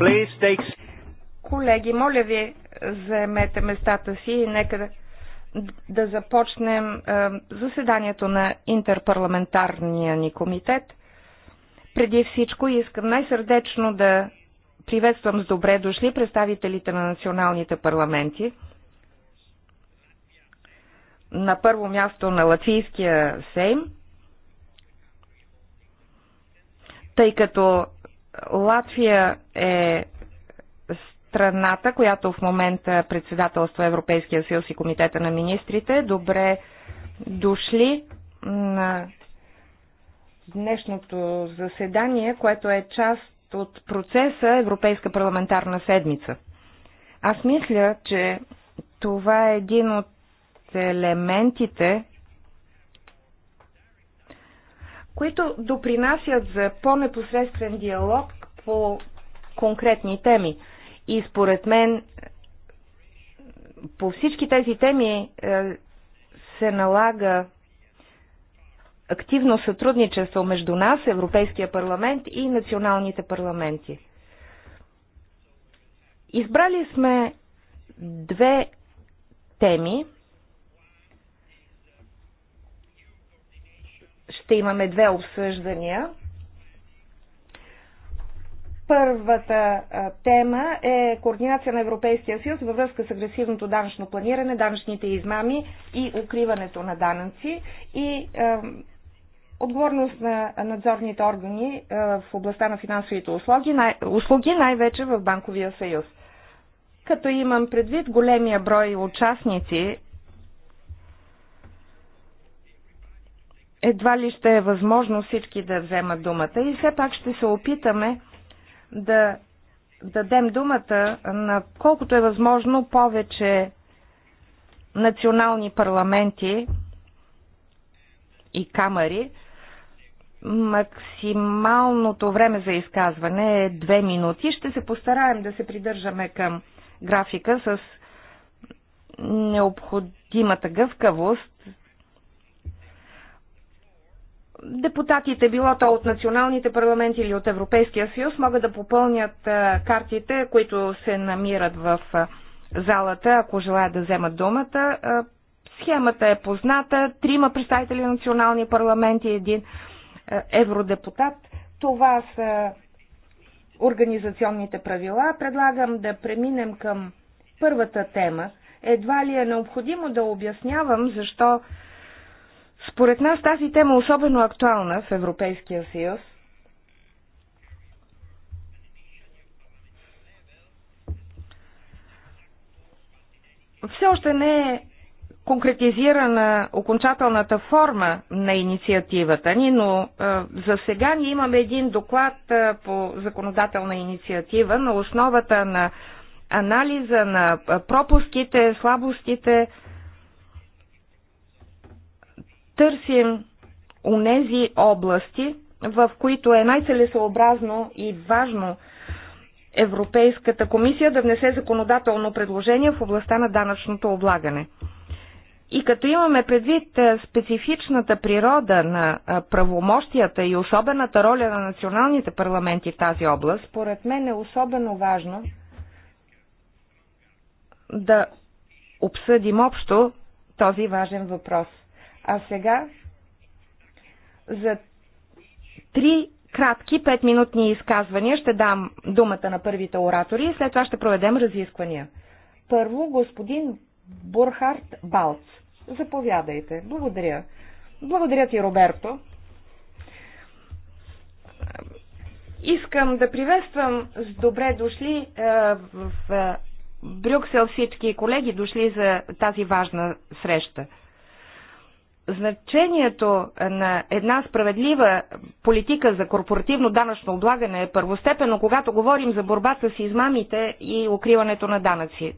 please take... Колеги, моля ви, заемете местата си и нека да, да започнем е, заседанието на интерпарламентарния ни комитет. Преди всичко искам най-сърдечно да приветствам с добре дошли представителите на националните парламенти. На първо място на Латвийския сейм – тъй като Латвия е страната, която в момента председателства Европейския съюз и Комитета на министрите. Добре дошли на днешното заседание, което е част от процеса Европейска парламентарна седмица. Аз мисля, че това е един от елементите, които допринасят за по-непосредствен диалог по конкретни теми. И според мен по всички тези теми е, се налага активно сътрудничество между нас, Европейския парламент и националните парламенти. Избрали сме две теми. Ще имаме две обсъждания. Първата тема е координация на Европейския съюз във връзка с агресивното данъчно планиране, данъчните измами и укриването на данъци и а, отговорност на надзорните органи а, в областта на финансовите услуги, най- услуги най-вече в Банковия съюз. Като имам предвид големия брой участници, едва ли ще е възможно всички да вземат думата и все пак ще се опитаме да дадем думата на колкото е възможно повече национални парламенти и камери. Максималното време за изказване е две минути. Ще се постараем да се придържаме към графика с необходимата гъвкавост, депутатите, било то от националните парламенти или от Европейския съюз, могат да попълнят картите, които се намират в залата, ако желаят да вземат думата. Схемата е позната. Трима представители на национални парламенти, един евродепутат. Това са организационните правила. Предлагам да преминем към първата тема. Едва ли е необходимо да обяснявам защо според нас тази тема е особено актуална в Европейския съюз. Все още не е конкретизирана окончателната форма на инициативата ни, но за сега ние имаме един доклад по законодателна инициатива на основата на анализа на пропуските, слабостите, търсим онези области, в които е най-целесообразно и важно Европейската комисия да внесе законодателно предложение в областта на данъчното облагане. И като имаме предвид е, специфичната природа на е, правомощията и особената роля на националните парламенти в тази област, според мен е особено важно да обсъдим общо този важен въпрос – а сега за три кратки петминутни изказвания ще дам думата на първите оратори и след това ще проведем разисквания. Първо, господин Бурхард Балц. Заповядайте. Благодаря. Благодаря ти, Роберто. Искам да приветствам с добре дошли е, в е, Брюксел всички колеги, дошли за тази важна среща значението на една справедлива политика за корпоративно данъчно облагане е първостепенно, когато говорим за борбата с измамите и укриването на данъци.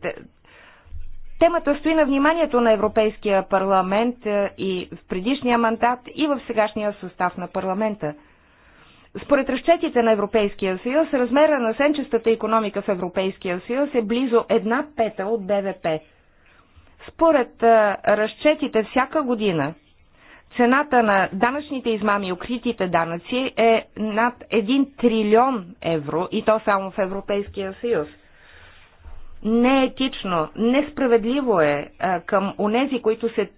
Темата стои на вниманието на Европейския парламент е, и в предишния мандат, и в сегашния състав на парламента. Според разчетите на Европейския съюз, размера на сенчестата економика в Европейския съюз е близо една пета от БВП – според разчетите всяка година цената на данъчните измами и укритите данъци е над 1 трилион евро и то само в Европейския съюз. Неетично, е несправедливо е а, към онези, които се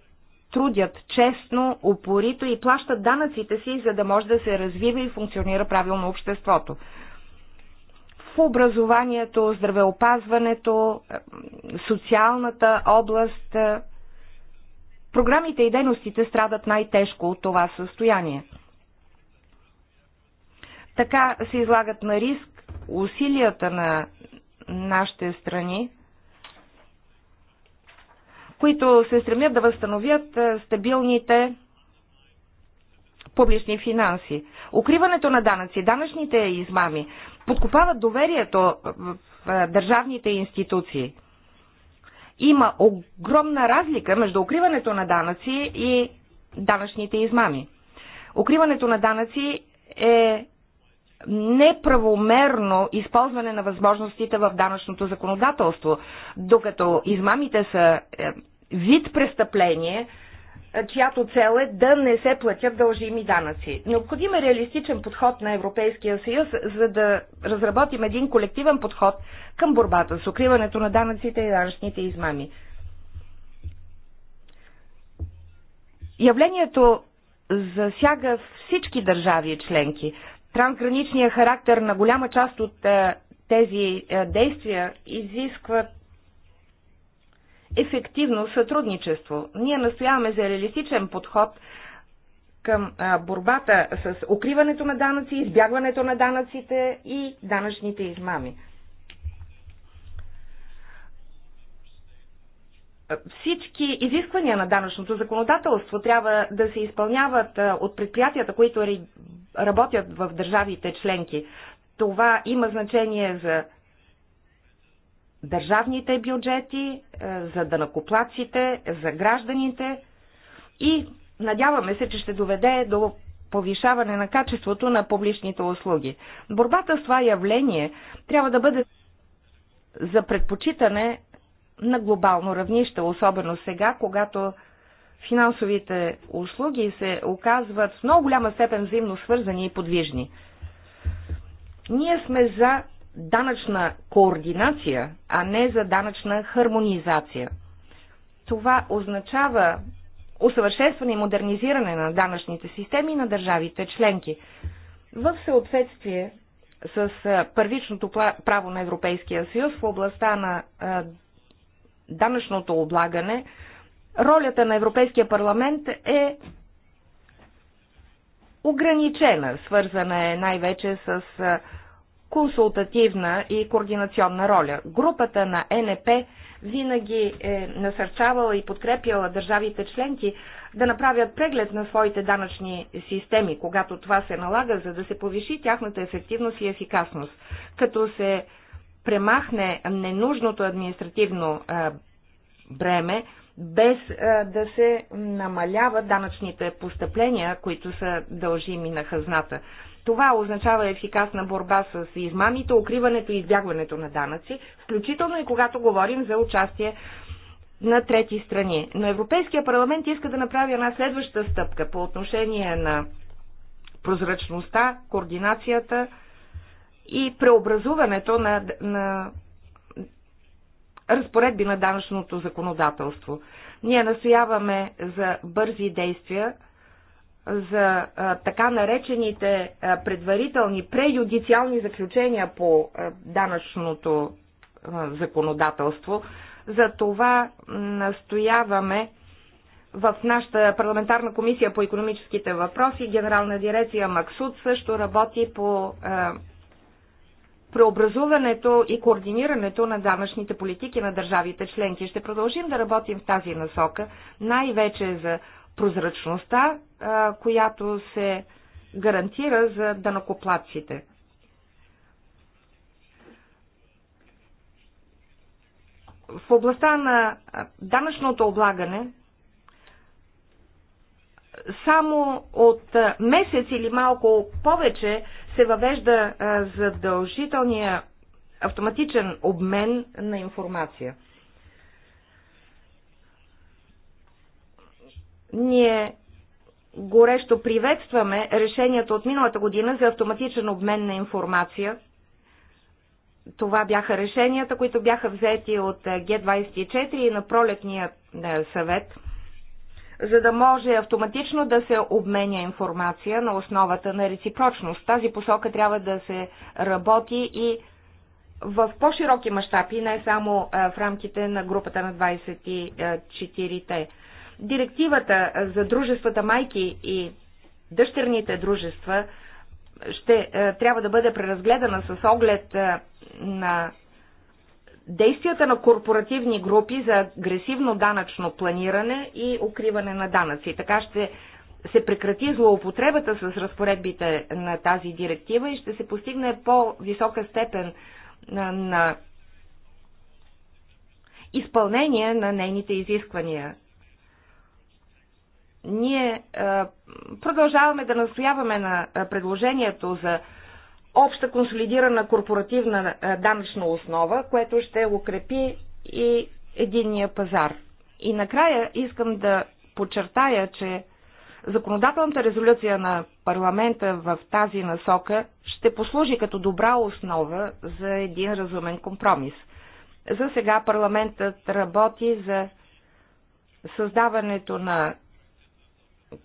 трудят честно, упорито и плащат данъците си, за да може да се развива и функционира правилно обществото образованието, здравеопазването, социалната област. Програмите и дейностите страдат най-тежко от това състояние. Така се излагат на риск усилията на нашите страни, които се стремят да възстановят стабилните публични финанси. Укриването на данъци, данъчните измами подкопават доверието в държавните институции. Има огромна разлика между укриването на данъци и данъчните измами. Укриването на данъци е неправомерно използване на възможностите в данъчното законодателство, докато измамите са е, вид престъпление, чиято цел е да не се платят дължими данъци. Необходим е реалистичен подход на Европейския съюз, за да разработим един колективен подход към борбата с укриването на данъците и данъчните измами. Явлението засяга всички държави членки. Трансграничният характер на голяма част от е, тези е, действия изискват ефективно сътрудничество. Ние настояваме за реалистичен подход към борбата с укриването на данъци, избягването на данъците и данъчните измами. всички изисквания на данъчното законодателство трябва да се изпълняват от предприятията, които работят в държавите членки. Това има значение за държавните бюджети, е, за данакоплаците, за гражданите и надяваме се, че ще доведе до повишаване на качеството на публичните услуги. Борбата с това явление трябва да бъде за предпочитане на глобално равнище, особено сега, когато финансовите услуги се оказват в много голяма степен взаимно свързани и подвижни. Ние сме за данъчна координация, а не за данъчна хармонизация. Това означава усъвършенстване и модернизиране на данъчните системи на държавите членки в съответствие с първичното право на Европейския съюз в областта на данъчното облагане, ролята на Европейския парламент е ограничена, свързана е най-вече с консултативна и координационна роля. Групата на НП винаги е насърчавала и подкрепяла държавите членки да направят преглед на своите данъчни системи, когато това се налага, за да се повиши тяхната ефективност и ефикасност, като се премахне ненужното административно бреме, без да се намаляват данъчните постъпления, които са дължими на хазната. Това означава ефикасна борба с измамите, укриването и избягването на данъци, включително и когато говорим за участие на трети страни. Но Европейския парламент иска да направи една следваща стъпка по отношение на прозрачността, координацията и преобразуването на, на разпоредби на данъчното законодателство. Ние настояваме за бързи действия за а, така наречените а, предварителни преюдициални заключения по а, данъчното а, законодателство. За това настояваме в нашата парламентарна комисия по економическите въпроси. Генерална дирекция Максуд също работи по а, преобразуването и координирането на данъчните политики на държавите членки. Ще продължим да работим в тази насока, най-вече за прозрачността, която се гарантира за данокоплатците. В областта на данъчното облагане само от месец или малко повече се въвежда задължителния автоматичен обмен на информация. Ние горещо приветстваме решението от миналата година за автоматичен обмен на информация. Това бяха решенията, които бяха взети от Г24 и на пролетния е, съвет, за да може автоматично да се обменя информация на основата на реципрочност. Тази посока трябва да се работи и в по-широки мащаби, не само е, в рамките на групата на 24-те. Директивата за дружествата майки и дъщерните дружества ще е, трябва да бъде преразгледана с оглед е, на действията на корпоративни групи за агресивно данъчно планиране и укриване на данъци. Така ще се прекрати злоупотребата с разпоредбите на тази директива и ще се постигне по-висока степен на, е, на изпълнение на нейните изисквания. Ние продължаваме да настояваме на предложението за обща консолидирана корпоративна данъчна основа, което ще укрепи и единния пазар. И накрая искам да подчертая, че законодателната резолюция на парламента в тази насока ще послужи като добра основа за един разумен компромис. За сега парламентът работи за създаването на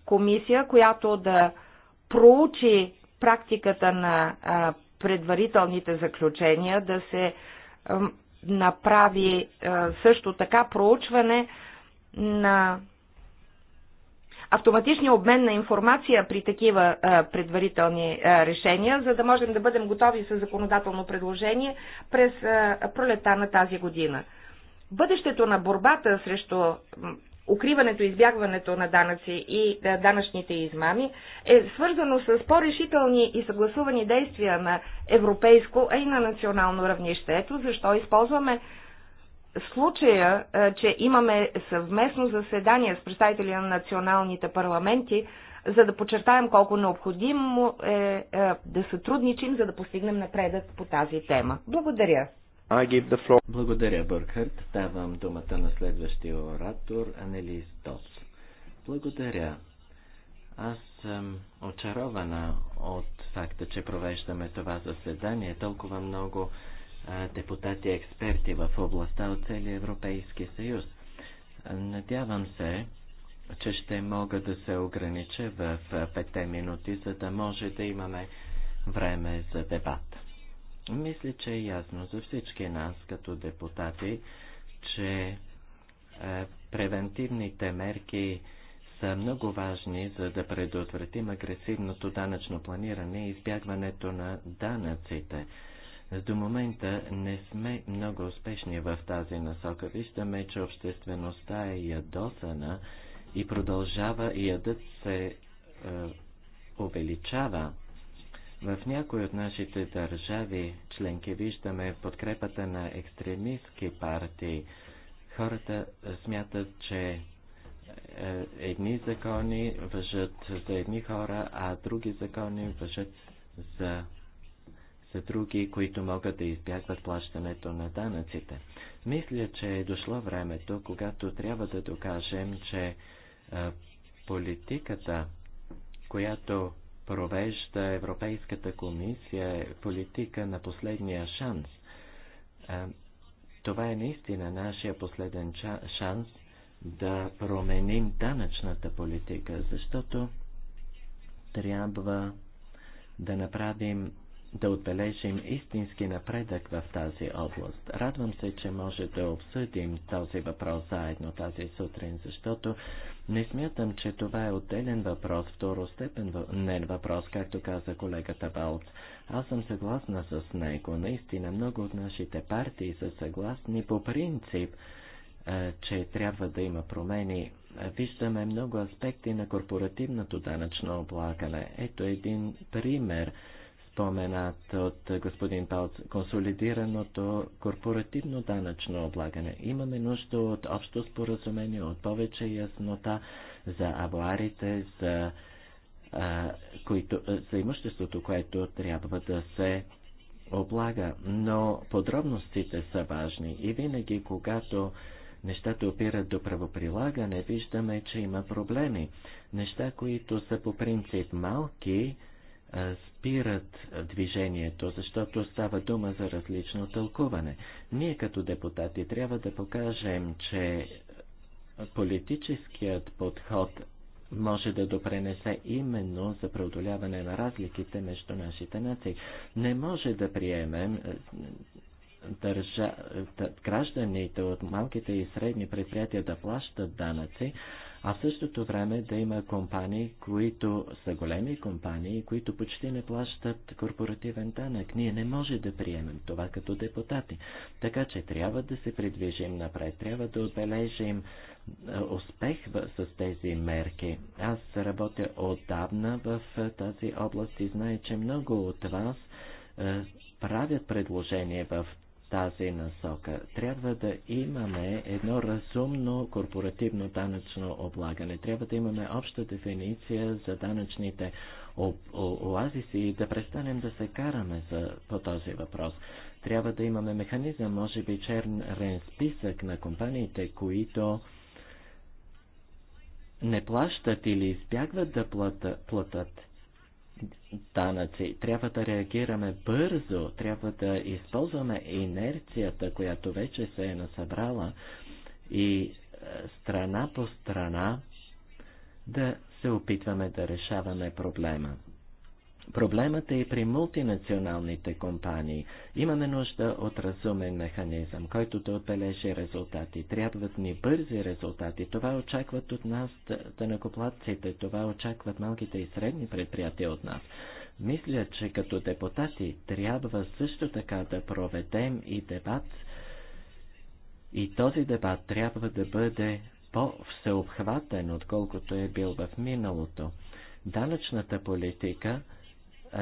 комисия, която да проучи практиката на предварителните заключения, да се направи също така проучване на автоматичния обмен на информация при такива предварителни решения, за да можем да бъдем готови с законодателно предложение през пролета на тази година. Бъдещето на борбата срещу укриването и избягването на данъци и е, данъчните измами е свързано с по-решителни и съгласувани действия на европейско, а и на национално равнище. Ето защо използваме случая, е, че имаме съвместно заседание с представители на националните парламенти, за да подчертаем колко необходимо е, е да сътрудничим, за да постигнем напредък по тази тема. Благодаря. I give the floor. Благодаря, Бъркърт. Давам думата на следващия оратор, Анелис Дос. Благодаря. Аз съм очарована от факта, че провеждаме това заседание. Толкова много а, депутати и експерти в областта от целия Европейски съюз. Надявам се, че ще мога да се огранича в петте минути, за да може да имаме време за дебат. Мисля, че е ясно за всички нас като депутати, че е, превентивните мерки са много важни, за да предотвратим агресивното данъчно планиране и избягването на данъците. До момента не сме много успешни в тази насока. Виждаме, че обществеността е ядосана и продължава и ядът се е, увеличава. В някои от нашите държави членки виждаме подкрепата на екстремистски партии. Хората смятат, че е, едни закони въжат за едни хора, а други закони въжат за, за други, които могат да избягват плащането на данъците. Мисля, че е дошло времето, когато трябва да докажем, че е, политиката, която провежда Европейската комисия политика на последния шанс. Това е наистина нашия последен шанс да променим данъчната политика, защото трябва да направим да отбележим истински напредък в тази област. Радвам се, че може да обсъдим този въпрос заедно тази сутрин, защото не смятам, че това е отделен въпрос, второстепенен въпрос, както каза колегата Балт. Аз съм съгласна с него. Наистина много от нашите партии са съгласни по принцип, че трябва да има промени. Виждаме много аспекти на корпоративното данъчно облагане. Ето един пример – споменат от господин Палц, консолидираното корпоративно данъчно облагане. Имаме нужда от общо споразумение, от повече яснота за авуарите, за, за имуществото, което трябва да се облага. Но подробностите са важни и винаги, когато нещата опират до правоприлагане, виждаме, че има проблеми. Неща, които са по принцип малки, спират движението, защото става дума за различно тълкуване. Ние като депутати трябва да покажем, че политическият подход може да допренесе именно за преодоляване на разликите между нашите нации. Не може да приемем държа... гражданите от малките и средни предприятия да плащат данъци, а в същото време да има компании, които са големи компании, които почти не плащат корпоративен данък. Ние не може да приемем това като депутати. Така че трябва да се придвижим напред, трябва да отбележим е, успех с тези мерки. Аз работя отдавна в е, тази област и знае, че много от вас е, правят предложение в тази насока. Трябва да имаме едно разумно корпоративно данъчно облагане. Трябва да имаме обща дефиниция за данъчните оазиси и да престанем да се караме за, по този въпрос. Трябва да имаме механизъм, може би черен списък на компаниите, които не плащат или избягват да платат данъци. Трябва да реагираме бързо, трябва да използваме инерцията, която вече се е насъбрала и е, страна по страна да се опитваме да решаваме проблема. Проблемът е и при мултинационалните компании. Имаме нужда от разумен механизъм, който да отбележи резултати. Трябват ни бързи резултати. Това очакват от нас тънакоплатците, това очакват малките и средни предприятия от нас. Мисля, че като депутати трябва също така да проведем и дебат. И този дебат трябва да бъде по-всеобхватен, отколкото е бил в миналото. Данъчната политика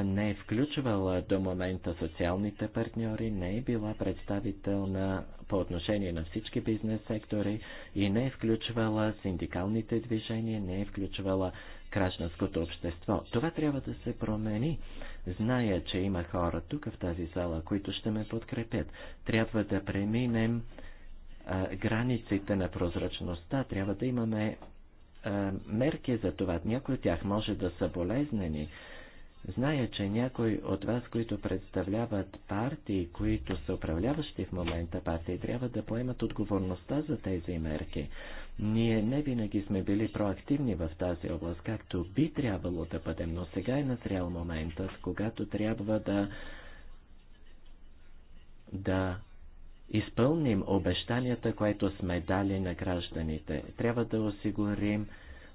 не е включвала до момента социалните партньори, не е била представителна по отношение на всички бизнес сектори и не е включвала синдикалните движения, не е включвала гражданското общество. Това трябва да се промени. Зная, че има хора тук в тази зала, които ще ме подкрепят. Трябва да преминем а, границите на прозрачността, трябва да имаме а, мерки за това. Някои от тях може да са болезнени Зная, че някои от вас, които представляват партии, които са управляващи в момента партии, трябва да поемат отговорността за тези мерки. Ние не винаги сме били проактивни в тази област, както би трябвало да бъдем, но сега е назрял моментът, когато трябва да да изпълним обещанията, които сме дали на гражданите. Трябва да осигурим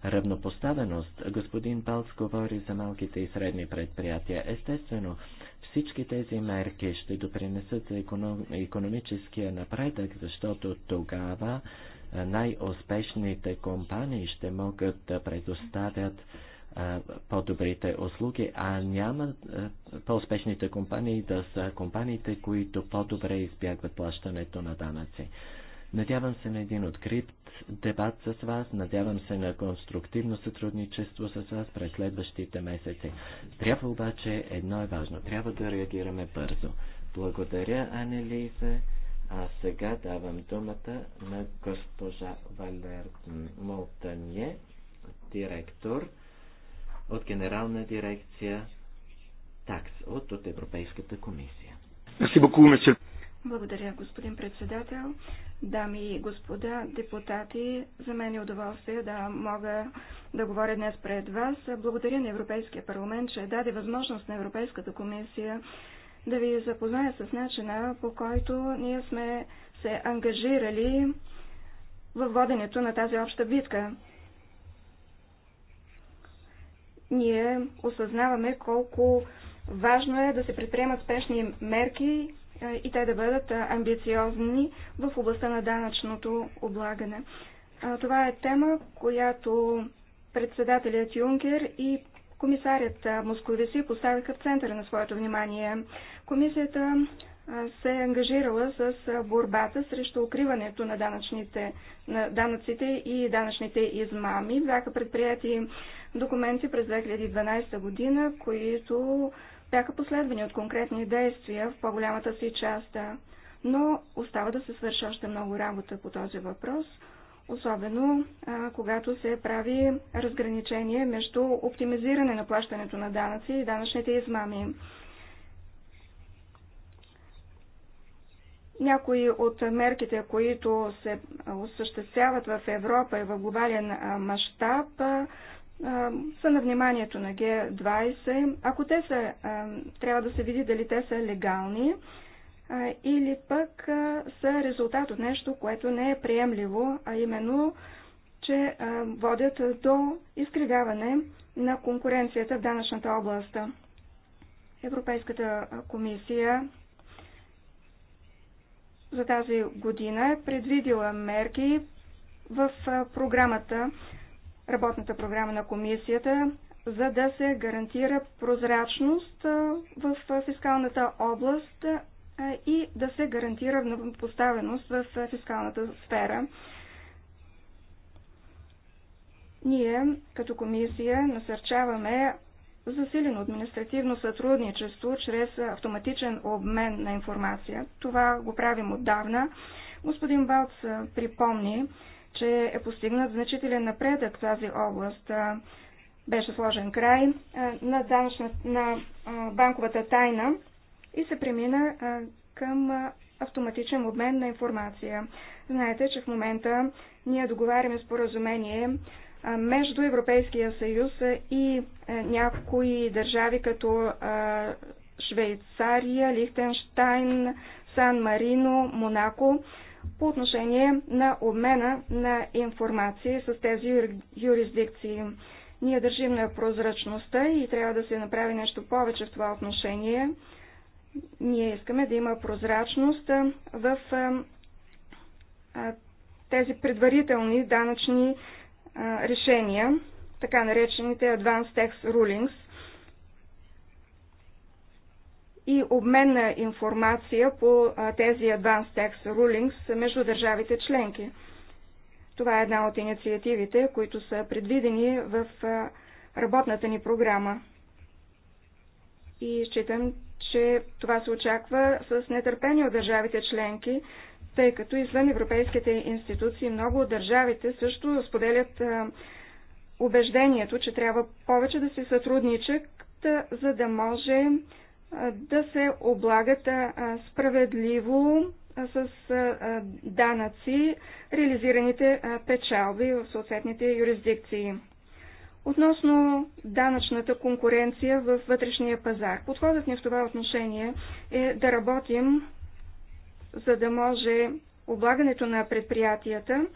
равнопоставеност. Господин Палц говори за малките и средни предприятия. Естествено, всички тези мерки ще допринесат за економическия напредък, защото тогава най-успешните компании ще могат да предоставят по-добрите услуги, а няма по-успешните компании да са компаниите, които по-добре избягват плащането на данъци. Надявам се на един открит дебат с вас, надявам се на конструктивно сътрудничество с вас през следващите месеци. Трябва обаче едно е важно. Трябва да реагираме бързо. Благодаря, Анелиза. А сега давам думата на госпожа Валер Молтанье, директор от Генерална дирекция ТАКС от, от Европейската комисия. Merci beaucoup, monsieur благодаря, господин председател. Дами и господа депутати, за мен е удоволствие да мога да говоря днес пред вас. Благодаря на Европейския парламент, че даде възможност на Европейската комисия да ви запозная с начина, по който ние сме се ангажирали във воденето на тази обща битка. Ние осъзнаваме колко важно е да се предприемат спешни мерки е, и те да бъдат е, амбициозни в областта на данъчното облагане. Това е тема, която председателят Юнкер и комисарят е, Московиси поставиха в центъра на своето внимание. Комисията се е ангажирала с борбата срещу укриването на, данъчните, на данъците и данъчните измами. Бяха предприяти документи през 2012 година, които бяха последвани от конкретни действия в по-голямата си част, но остава да се свърши още много работа по този въпрос, особено а, когато се прави разграничение между оптимизиране на плащането на данъци и данъчните измами. Някои от мерките, които се осъществяват в Европа и в глобален мащаб, са на вниманието на Г20. Ако те са, трябва да се види дали те са легални или пък са резултат от нещо, което не е приемливо, а именно, че водят до изкривяване на конкуренцията в данъчната област. Европейската комисия за тази година е предвидила мерки в програмата работната програма на комисията, за да се гарантира прозрачност в фискалната област и да се гарантира поставеност в фискалната сфера. Ние, като комисия, насърчаваме засилено административно сътрудничество чрез автоматичен обмен на информация. Това го правим отдавна. Господин Балц припомни, че е постигнат значителен напредък в тази област. Беше сложен край на, данъчна, на банковата тайна и се премина към автоматичен обмен на информация. Знаете, че в момента ние договаряме споразумение между Европейския съюз и някои държави като Швейцария, Лихтенштайн, Сан Марино, Монако по отношение на обмена на информации с тези юрисдикции. Ние държим на прозрачността и трябва да се направи нещо повече в това отношение. Ние искаме да има прозрачност в тези предварителни данъчни решения, така наречените Advanced Tax Rulings и обмен на информация по тези Advanced Tax Rulings между държавите членки. Това е една от инициативите, които са предвидени в работната ни програма. И считам, че това се очаква с нетърпение от държавите членки, тъй като извън европейските институции много от държавите също споделят убеждението, че трябва повече да се сътрудничат, за да може да се облагат справедливо с данъци реализираните печалби в съответните юрисдикции. Относно данъчната конкуренция в вътрешния пазар. Подходът ни в това отношение е да работим, за да може облагането на предприятията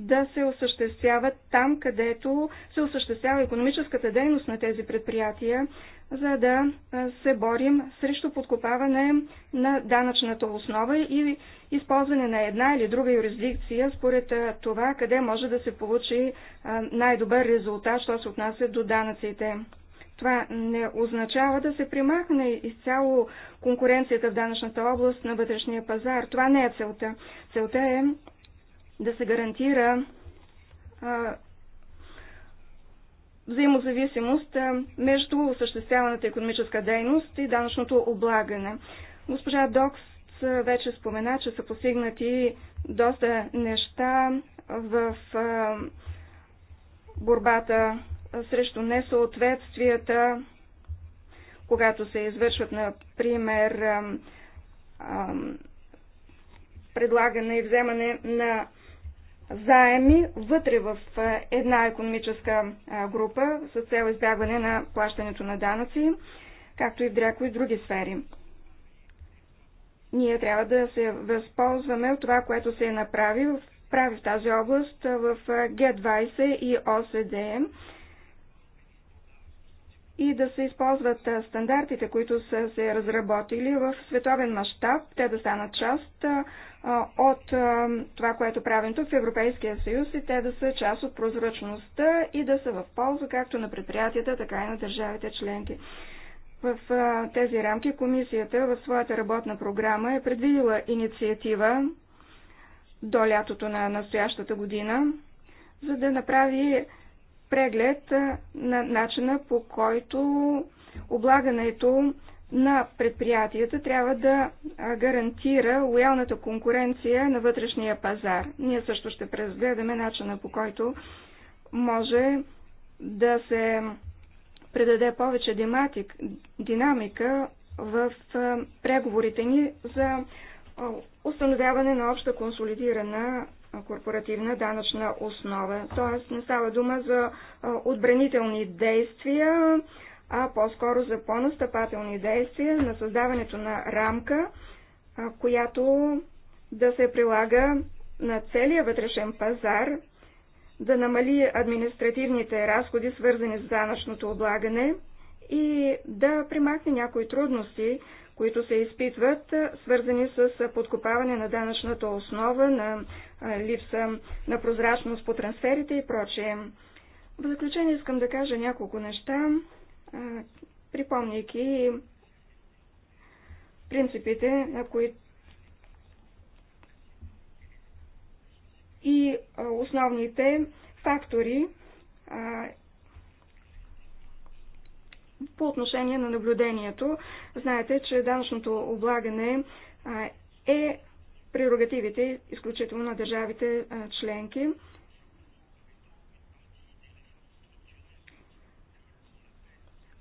да се осъществяват там, където се осъществява економическата дейност на тези предприятия, за да се борим срещу подкопаване на данъчната основа и използване на една или друга юрисдикция според това, къде може да се получи най-добър резултат, що се отнася до данъците. Това не означава да се примахне изцяло конкуренцията в данъчната област на вътрешния пазар. Това не е целта. Целта е да се гарантира взаимозависимост между осъществяваната економическа дейност и данъчното облагане. Госпожа Докс вече спомена, че са постигнати доста неща в борбата срещу несъответствията, когато се извършват, например, предлагане и вземане на заеми вътре в една економическа група с цел избягване на плащането на данъци, както и в някои други сфери. Ние трябва да се възползваме от това, което се е направил, прави в тази област в Г20 и ОСДМ и да се използват стандартите, които са се разработили в световен мащаб, те да станат част от това, което правим тук в Европейския съюз и те да са част от прозрачността и да са в полза както на предприятията, така и на държавите членки. В тези рамки комисията в своята работна програма е предвидила инициатива до лятото на настоящата година, за да направи преглед на начина по който облагането на предприятията трябва да гарантира лоялната конкуренция на вътрешния пазар. Ние също ще преразгледаме начина по който може да се предаде повече диматик, динамика в преговорите ни за установяване на обща консолидирана корпоративна данъчна основа. Тоест не става дума за отбранителни действия, а по-скоро за по-настъпателни действия на създаването на рамка, която да се прилага на целия вътрешен пазар, да намали административните разходи, свързани с данъчното облагане и да примахне някои трудности, които се изпитват, свързани с подкопаване на данъчната основа, на липса на прозрачност по трансферите и прочее. В заключение искам да кажа няколко неща, припомняйки принципите, на които и основните фактори по отношение на наблюдението, знаете, че данъчното облагане е прерогативите изключително на държавите членки.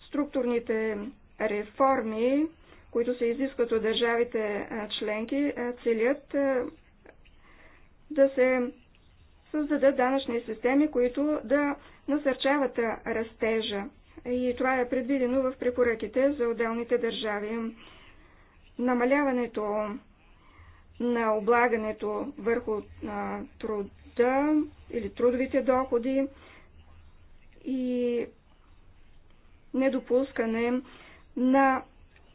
Структурните реформи, които се изискват от държавите членки, целят да се създадат данъчни системи, които да насърчават растежа и това е предвидено в препоръките за отделните държави. Намаляването на облагането върху а, труда или трудовите доходи и недопускане на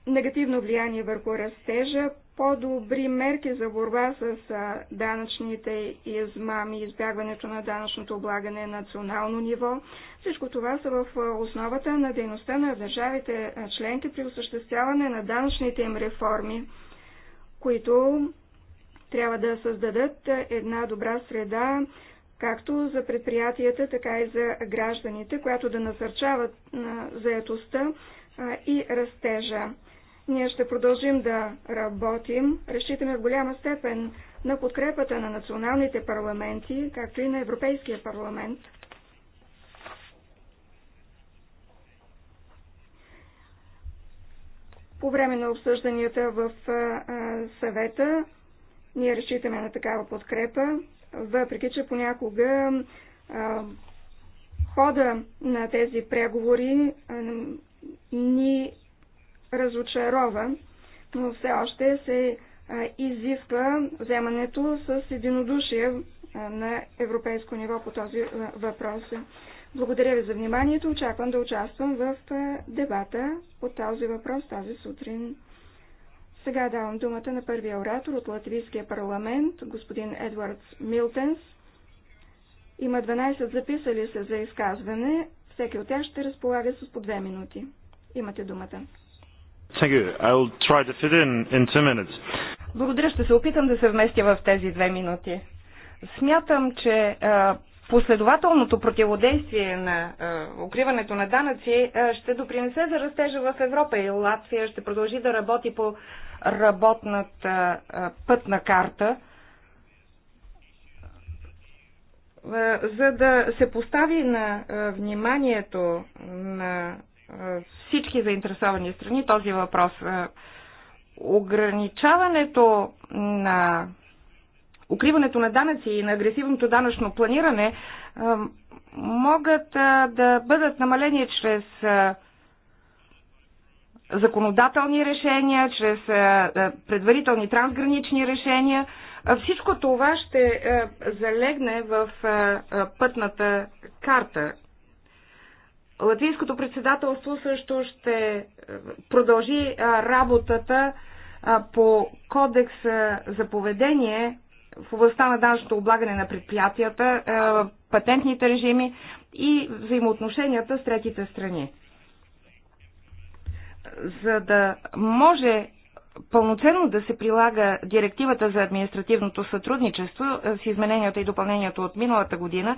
негативно влияние върху растежа по-добри мерки за борба с данъчните измами, избягването на данъчното облагане на национално ниво. Всичко това са в основата на дейността на държавите членки при осъществяване на данъчните им реформи, които трябва да създадат една добра среда както за предприятията, така и за гражданите, която да насърчават заетостта и растежа. Ние ще продължим да работим. Разчитаме в голяма степен на подкрепата на националните парламенти, както и на Европейския парламент. По време на обсъжданията в съвета ние разчитаме на такава подкрепа, въпреки че понякога хода на тези преговори ни разочарован, но все още се изисква вземането с единодушие на европейско ниво по този въпрос. Благодаря ви за вниманието. Очаквам да участвам в дебата по този въпрос тази сутрин. Сега давам думата на първия оратор от Латвийския парламент, господин Едвардс Милтенс. Има 12 записали се за изказване. Всеки от тях ще разполага с по 2 минути. Имате думата. Thank you. try to fit in in two minutes. Благодаря, ще се опитам да се вместя в тези две минути. Смятам, че последователното противодействие на укриването на данъци ще допринесе за растежа в Европа и Латвия ще продължи да работи по работната пътна карта, за да се постави на вниманието на всички заинтересовани страни този въпрос. Ограничаването на укриването на данъци и на агресивното данъчно планиране могат да бъдат намалени чрез законодателни решения, чрез предварителни трансгранични решения. Всичко това ще залегне в пътната карта Латвийското председателство също ще е, продължи е, работата е, по кодекса за поведение в областта на данъчното облагане на предприятията, патентните режими и взаимоотношенията с третите страни. За да може пълноценно да се прилага директивата за административното сътрудничество с измененията и допълнението от миналата година,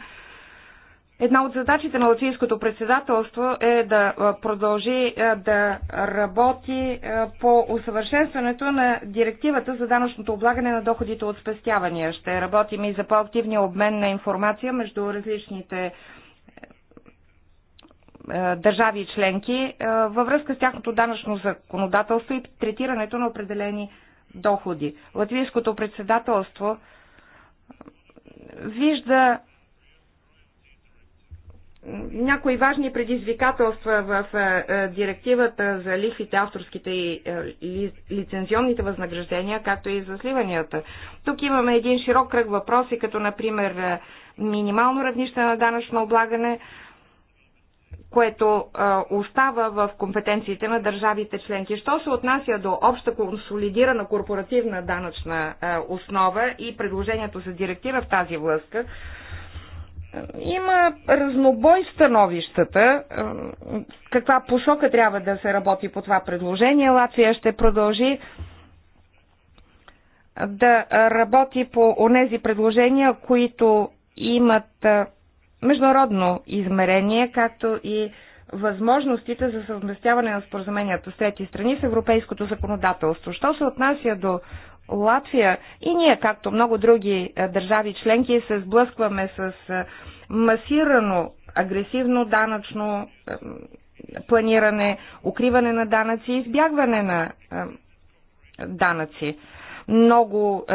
Една от задачите на латвийското председателство е да продължи да работи по усъвършенстването на директивата за данъчното облагане на доходите от спестявания. Ще работим и за по-активния обмен на информация между различните държави и членки във връзка с тяхното данъчно законодателство и третирането на определени доходи. Латвийското председателство вижда някои важни предизвикателства в е, е, директивата за лихвите, авторските и е, лицензионните възнаграждения, както и за сливанията. Тук имаме един широк кръг въпроси, като например минимално равнище на данъчно облагане, което остава в компетенциите на държавите членки. Що се отнася до обща консолидирана корпоративна данъчна основа и предложението за директива в тази връзка, има разнобой становищата, каква посока трябва да се работи по това предложение. Латвия ще продължи да работи по онези предложения, които имат международно измерение, както и възможностите за съвместяване на споразуменията с трети страни с европейското законодателство. Що се отнася до Латвия и ние, както много други е, държави членки, се сблъскваме с е, масирано агресивно данъчно е, планиране, укриване на данъци и избягване на данъци. Много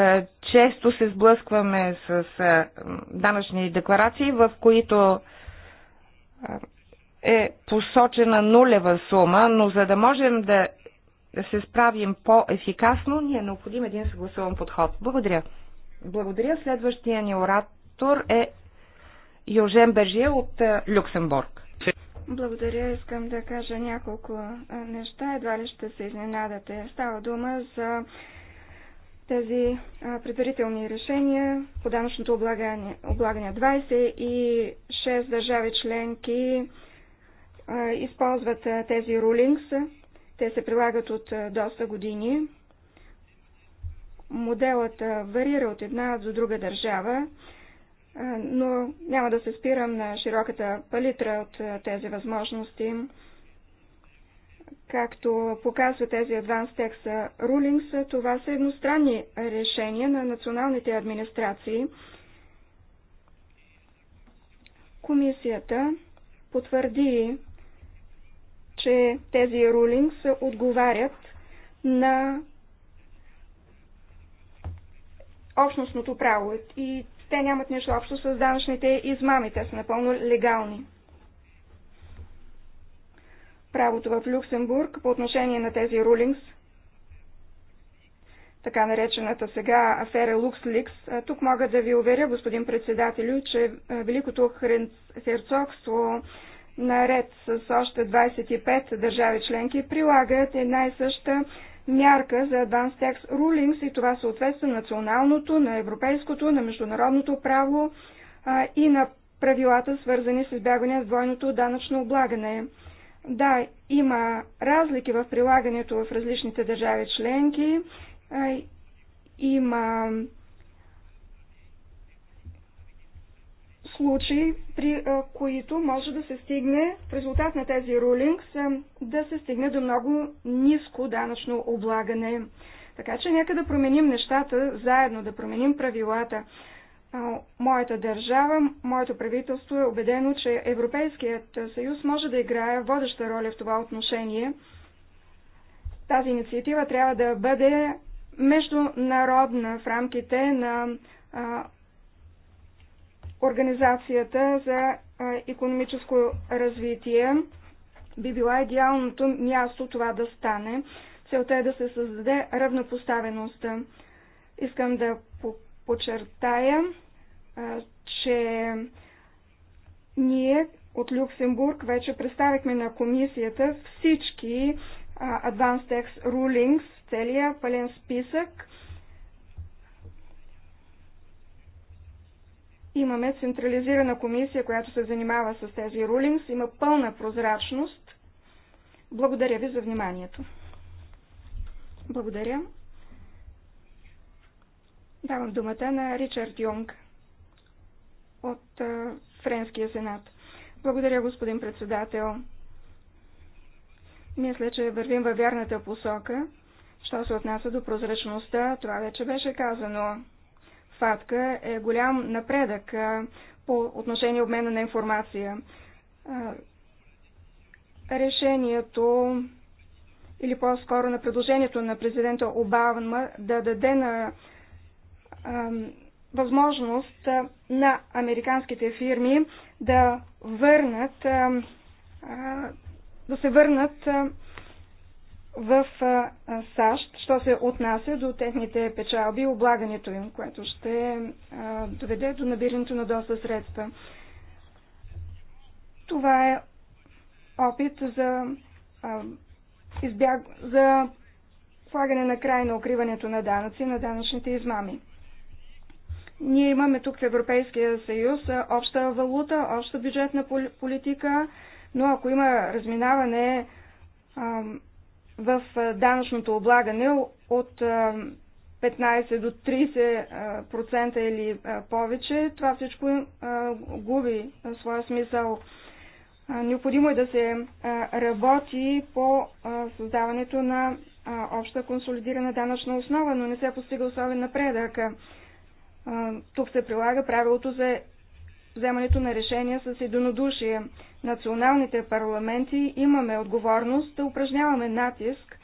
често се сблъскваме с данъчни декларации, в които е посочена нулева сума, но за да можем да се справим по-ефикасно, ни е необходим един съгласуван подход. Благодаря. Благодаря. Следващия ни оратор е Южен Бержие от е, Люксембург. Благодаря. Искам да кажа няколко е, неща. Едва ли ще се изненадате. Става дума за тези е, предварителни решения по данъчното облагане. облагане 26 държави членки използват тези рулингс те се прилагат от доста години. Моделът варира от една до друга държава, но няма да се спирам на широката палитра от тези възможности. Както показва тези Advanced Tax Rulings, това са едностранни решения на националните администрации. Комисията потвърди че тези рулингс отговарят на общностното право и те нямат нищо общо с данъчните измами. Те са напълно легални. Правото в Люксембург по отношение на тези рулингс, така наречената сега афера LuxLeaks, тук мога да ви уверя, господин председателю, че Великото херцогство наред с още 25 държави членки, прилагат една и съща мярка за Advanced Tax Rulings и това съответства на националното, на европейското, на международното право а, и на правилата, свързани с избягване с двойното данъчно облагане. Да, има разлики в прилагането в различните държави членки, а, има случаи, при които може да се стигне, в резултат на тези рулингс, да се стигне до много ниско данъчно облагане. Така че нека да променим нещата заедно, да променим правилата. Моята държава, моето правителство е убедено, че Европейският съюз може да играе водеща роля в това отношение. Тази инициатива трябва да бъде международна в рамките на Организацията за економическо развитие би била идеалното място това да стане. Целта е да се създаде равнопоставеност. Искам да подчертая, че ние от Люксембург вече представихме на комисията всички Advanced Tax Rulings, целия пълен списък Имаме централизирана комисия, която се занимава с тези рулингс. Има пълна прозрачност. Благодаря ви за вниманието. Благодаря. Давам думата на Ричард Йонг от Френския сенат. Благодаря, господин председател. Мисля, че вървим във вярната посока. Що се отнася до прозрачността, това вече беше казано хватка е голям напредък по отношение обмена на информация. Решението или по-скоро на предложението на президента Обама да даде на възможност на американските фирми да върнат да се върнат в САЩ, що се отнася до техните печалби и облагането им, което ще доведе до набирането на доста средства. Това е опит за, избяг... за слагане на край на укриването на данъци на данъчните измами. Ние имаме тук в Европейския съюз обща валута, обща бюджетна политика, но ако има разминаване в данъчното облагане от 15 до 30% или повече, това всичко губи своя смисъл. Необходимо е да се работи по създаването на обща консолидирана данъчна основа, но не се постига особен напредък. Тук се прилага правилото за вземането на решения с единодушие. Националните парламенти имаме отговорност да упражняваме натиск,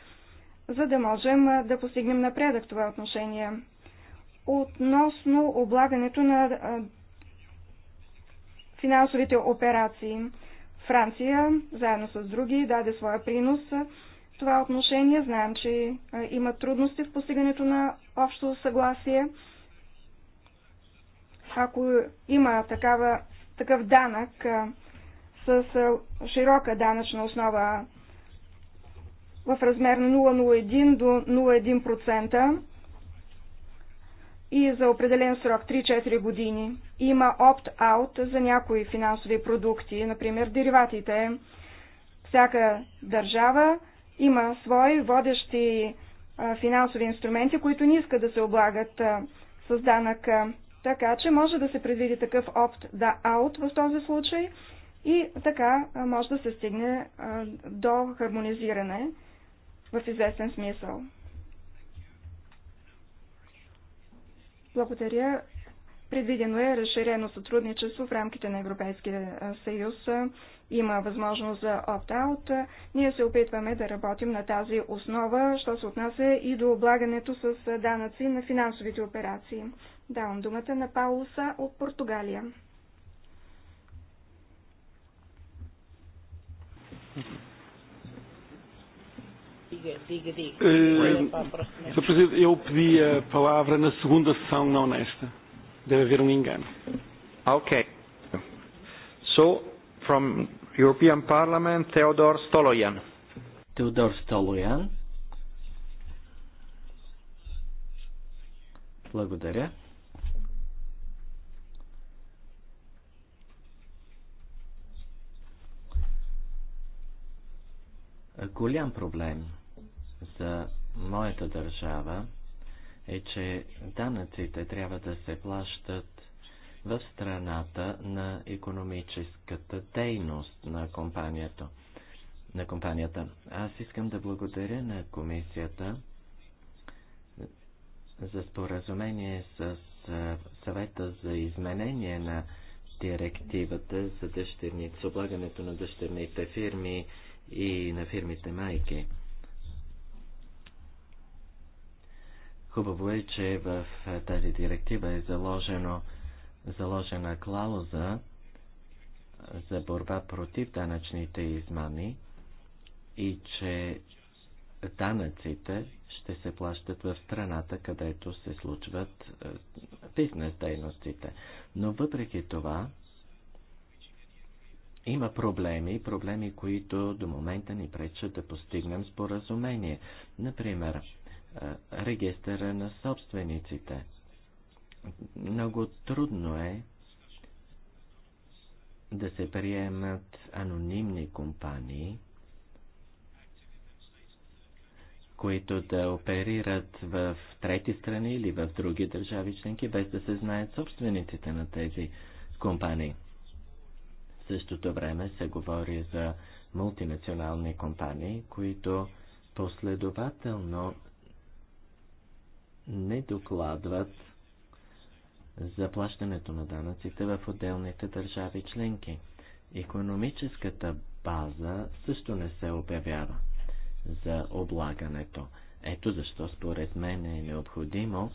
за да можем да постигнем напредък в това отношение. Относно облагането на финансовите операции, Франция, заедно с други, даде своя принос това отношение. Знаем, че има трудности в постигането на общо съгласие ако има такава, такъв данък с широка данъчна основа в размер на 0,01 до 0,1% и за определен срок 3-4 години. Има опт-аут за някои финансови продукти, например дериватите. Всяка държава има свои водещи финансови инструменти, които не искат да се облагат с данък така че може да се предвиди такъв опт да аут в този случай и така може да се стигне до хармонизиране в известен смисъл. Благодаря. Предвидено е разширено сътрудничество в рамките на Европейския съюз има възможност за опт-аут. Ние се опитваме да работим на тази основа, що се отнася и до облагането с данъци на финансовите операции. Давам думата на Паулуса от Португалия. Sr. Presidente, eu pedi a palavra na segunda sessão, não nesta. Deve haver um engano. Ok. So, from European Parliament, Theodor Stoloyan. Theodor Stoloyan. Благодаря. Голям проблем за моята държава е, че данъците трябва да се плащат в страната на економическата дейност на компанията. На компанията. Аз искам да благодаря на комисията за споразумение с съвета за изменение на директивата за дъщерните, облагането на дъщерните фирми и на фирмите майки. Хубаво е, че в тази директива е заложено заложена клауза за борба против данъчните измами и че данъците ще се плащат в страната, където се случват е, бизнес дейностите. Но въпреки това, има проблеми, проблеми, които до момента ни пречат да постигнем споразумение. Например, е, регистъра на собствениците – много трудно е да се приемат анонимни компании, които да оперират в трети страни или в други държави членки, без да се знаят собствениците на тези компании. В същото време се говори за мултинационални компании, които последователно не докладват заплащането на данъците в отделните държави членки. Економическата база също не се обявява за облагането. Ето защо според мен е необходимо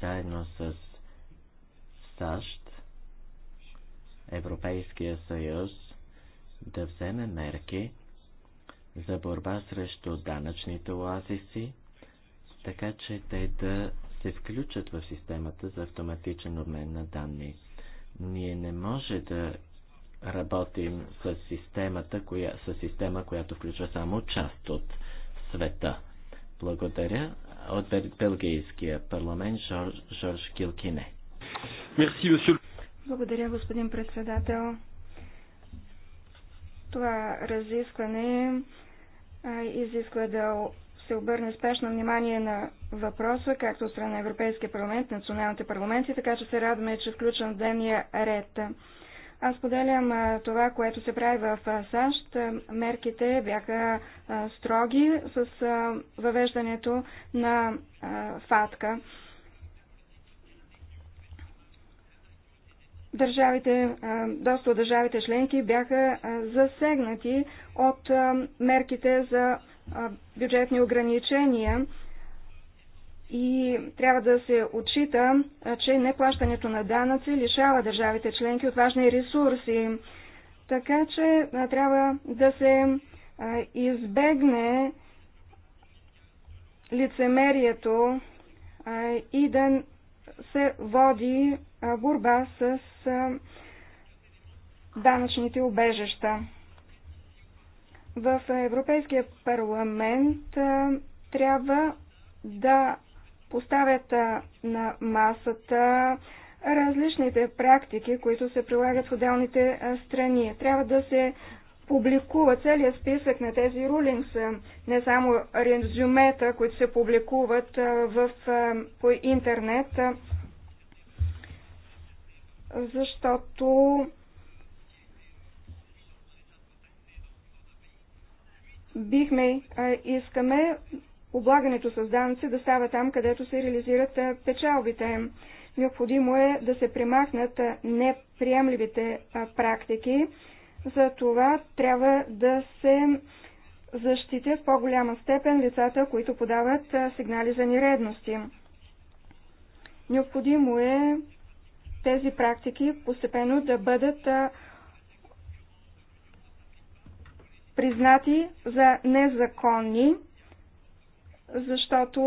заедно с САЩ, Европейския съюз, да вземе мерки за борба срещу данъчните оазиси, така че те да се включат в системата за автоматичен обмен на данни. Ние не може да работим с, системата, коя, с система, която включва само част от света. Благодаря от Белгийския парламент Жорж, Жорж Килкине. Мерси, Благодаря, господин председател. Това разискване изисква да се обърне спешно внимание на въпроса, както от страна на Европейския парламент, националните парламенти, така че се радваме, че включвам в дневния ред. Аз поделям това, което се прави в САЩ. Мерките бяха строги с въвеждането на фатка. държавите, доста от държавите членки бяха засегнати от мерките за бюджетни ограничения и трябва да се отчита, че неплащането на данъци лишава държавите членки от важни ресурси. Така че трябва да се избегне лицемерието и да се води борба с данъчните убежища в Европейския парламент трябва да поставят на масата различните практики, които се прилагат в отделните страни. Трябва да се публикува целият списък на тези рулингс, не само резюмета, които се публикуват в, по интернет, защото бихме искаме облагането с данци да става там, където се реализират печалбите. Необходимо е да се примахнат неприемливите практики. За това трябва да се защитят в по-голяма степен лицата, които подават сигнали за нередности. Необходимо е тези практики постепенно да бъдат признати за незаконни, защото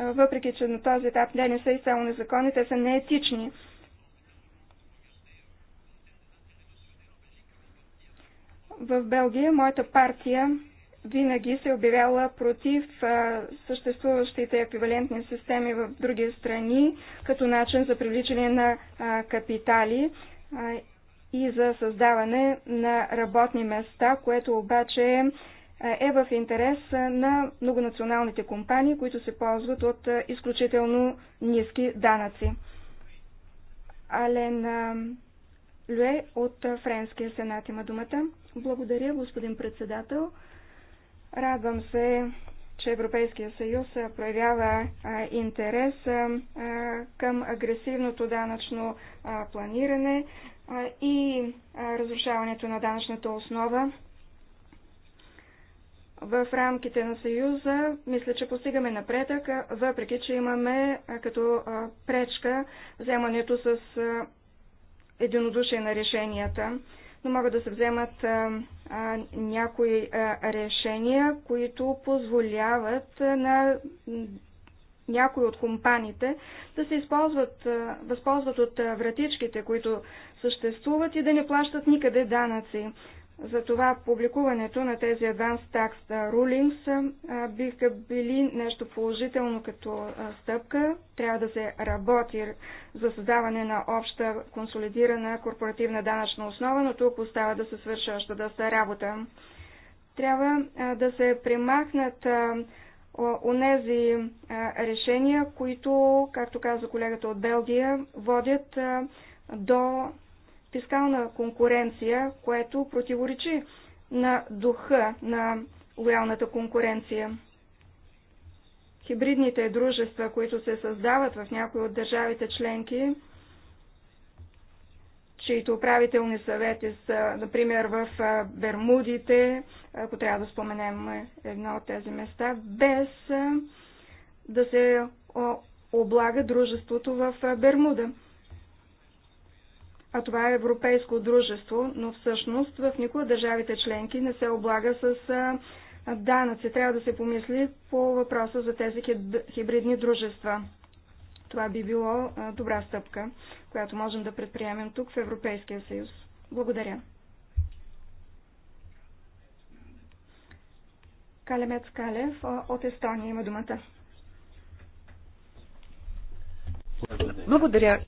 въпреки, че на този етап не, не са изцяло незаконни, те са неетични. В Белгия моята партия винаги се е обявяла против съществуващите еквивалентни системи в други страни като начин за привличане на капитали и за създаване на работни места, което обаче е, е в интерес на многонационалните компании, които се ползват от е, изключително ниски данъци. Ален е, Люе от Френския сенат има думата. Благодаря, господин председател. Радвам се, че Европейския съюз проявява интерес към агресивното данъчно планиране, и разрушаването на данъчната основа. В рамките на Съюза мисля, че постигаме напредък, въпреки че имаме като пречка вземането с единодушие на решенията. Но могат да се вземат някои решения, които позволяват на някои от компаниите да се използват, възползват от вратичките, които съществуват и да не плащат никъде данъци. Затова публикуването на тези Advanced Tax Rulings биха били нещо положително като стъпка. Трябва да се работи за създаване на обща консолидирана корпоративна данъчна основа, но тук остава да се свърши още доста работа. Трябва да се премахнат онези решения, които, както каза колегата от Белгия, водят до фискална конкуренция, което противоречи на духа на лоялната конкуренция. Хибридните дружества, които се създават в някои от държавите членки, чието управителни съвети са, например, в Бермудите, ако трябва да споменем едно от тези места, без да се облага дружеството в Бермуда а това е европейско дружество, но всъщност в никога държавите членки не се облага с данъци. Трябва да се помисли по въпроса за тези хибридни дружества. Това би било добра стъпка, която можем да предприемем тук в Европейския съюз. Благодаря. Калемец Калев от Естония има думата. Благодаря.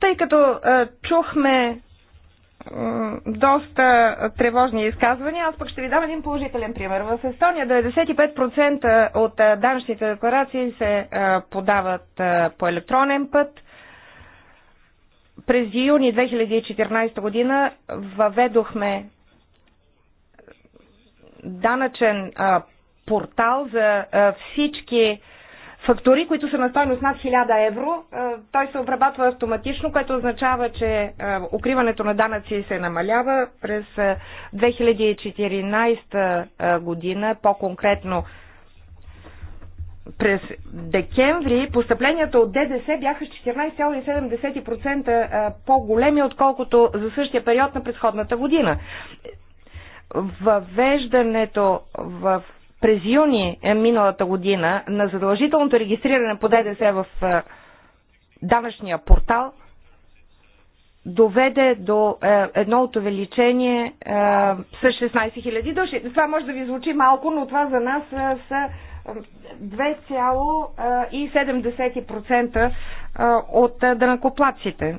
Тъй като чухме доста тревожни изказвания. Аз пък ще ви дам един положителен пример. В Естония 95% от данъчните декларации се подават по електронен път. През юни 2014 година въведохме данъчен портал за всички фактори, които са на стойност над 1000 евро, е, той се обрабатва автоматично, което означава, че е, укриването на данъци се намалява. През 2014 е, година, по-конкретно през декември, постъпленията от ДДС бяха с 14,7% по-големи, отколкото за същия период на предходната година. Въвеждането в през юни е миналата година на задължителното регистриране по ДДС в е, данъчния портал доведе до е, едно от увеличение с 16 000 души. Това може да ви звучи малко, но това за нас са 2,7% от дънакоплаците.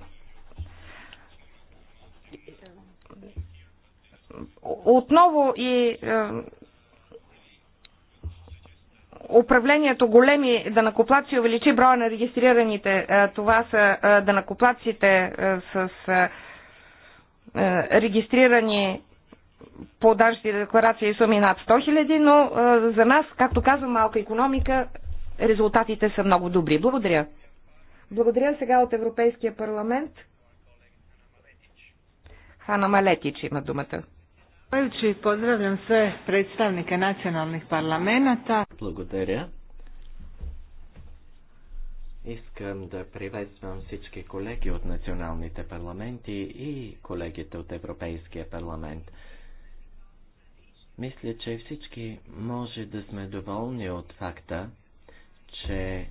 Отново и управлението големи данакоплаци увеличи броя на регистрираните. Е, това са е, данакоплаците е, с регистрирани по данъчните декларации и суми над 100 хиляди, но за нас, както казвам, малка економика, резултатите са много добри. Благодаря. Благодаря сега от Европейския парламент. Хана Малетич има думата. Zahvaljujući pozdravljam sve predstavnike nacionalnih parlamenta. Благодаря. Искам да приветствам всички колеги от националните парламенти и колегите от Европейския парламент. Мисля, че всички може да сме доволни от факта, че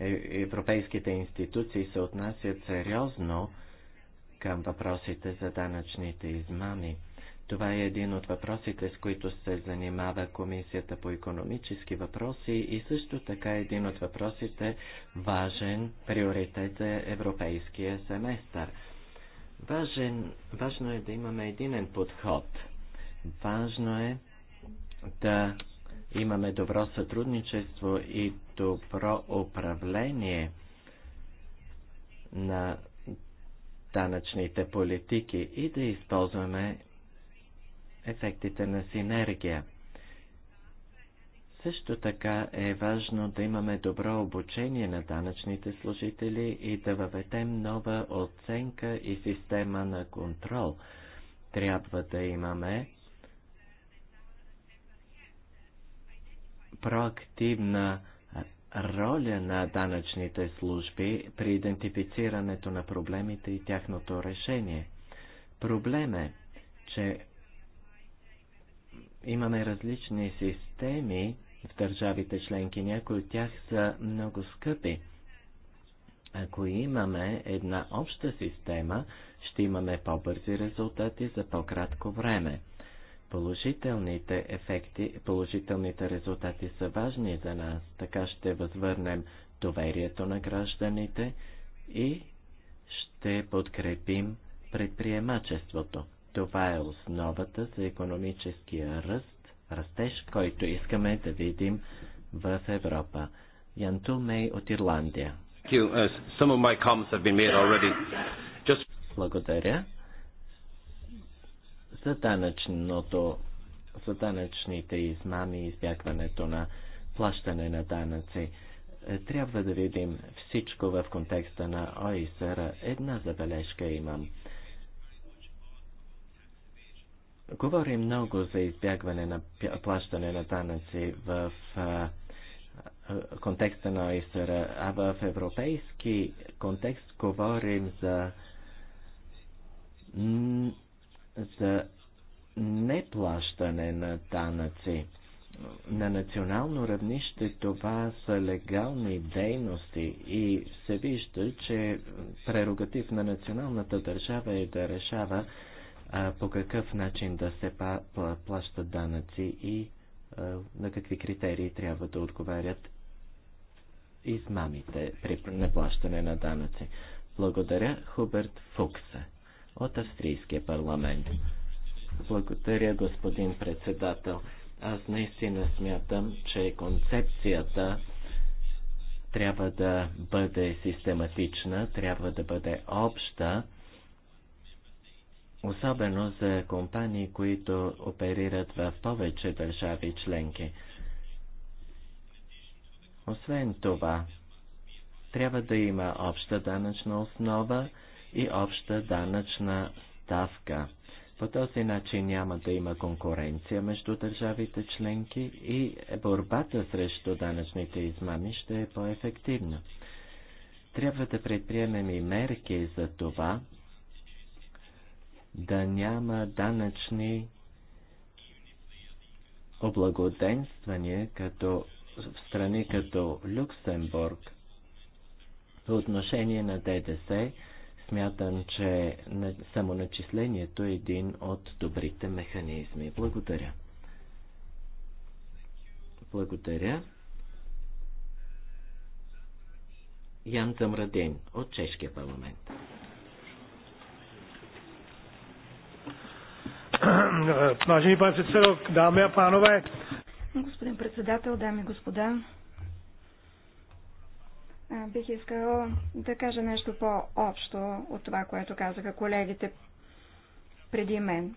е, европейските институции се отнасят сериозно към въпросите за данъчните измами. Това е един от въпросите, с които се занимава Комисията по економически въпроси и също така е един от въпросите важен приоритет за европейския семестър. Важен, важно е да имаме единен подход. Важно е да имаме добро сътрудничество и добро управление на данъчните политики и да използваме ефектите на синергия. Също така е важно да имаме добро обучение на данъчните служители и да въведем нова оценка и система на контрол. Трябва да имаме проактивна роля на данъчните служби при идентифицирането на проблемите и тяхното решение. Проблем е, че имаме различни системи в държавите членки, някои от тях са много скъпи. Ако имаме една обща система, ще имаме по-бързи резултати за по-кратко време. Положителните ефекти, положителните резултати са важни за нас, така ще възвърнем доверието на гражданите и ще подкрепим предприемачеството. Това е основата за економическия ръст, растеж, който искаме да видим в Европа. Янту Мей от Ирландия. Uh, Благодаря за, данъчното, за данъчните измами избягването на плащане на данъци. Е, трябва да видим всичко в контекста на ОИСР. Една забележка имам. Говори много за избягване на плащане на данъци в контекста на ОИСР, а в европейски контекст говорим за, за неплащане на данъци. На национално равнище това са легални дейности и се вижда, че прерогатив на националната държава е да решава а, по какъв начин да се плащат данъци и а, на какви критерии трябва да отговарят измамите при неплащане на данъци. Благодаря Хуберт Фукса от Австрийския парламент. Благодаря, господин председател. Аз наистина смятам, че концепцията трябва да бъде систематична, трябва да бъде обща, особено за компании, които оперират в повече държави членки. Освен това, трябва да има обща данъчна основа и обща данъчна ставка. По този начин няма да има конкуренция между държавите членки и борбата срещу данъчните измами ще е по-ефективна. Трябва да предприемем и мерки за това да няма данъчни облагоденствания като в страни като Люксембург по отношение на ДДС Смятам, че самоначислението е един от добрите механизми. Благодаря. Благодаря. Ян Замраден от Чешкия парламент. Vážený pane předsedo, dámy a панове. Господин председател, дами и господа, Бих искала да кажа нещо по-общо от това, което казаха колегите преди мен.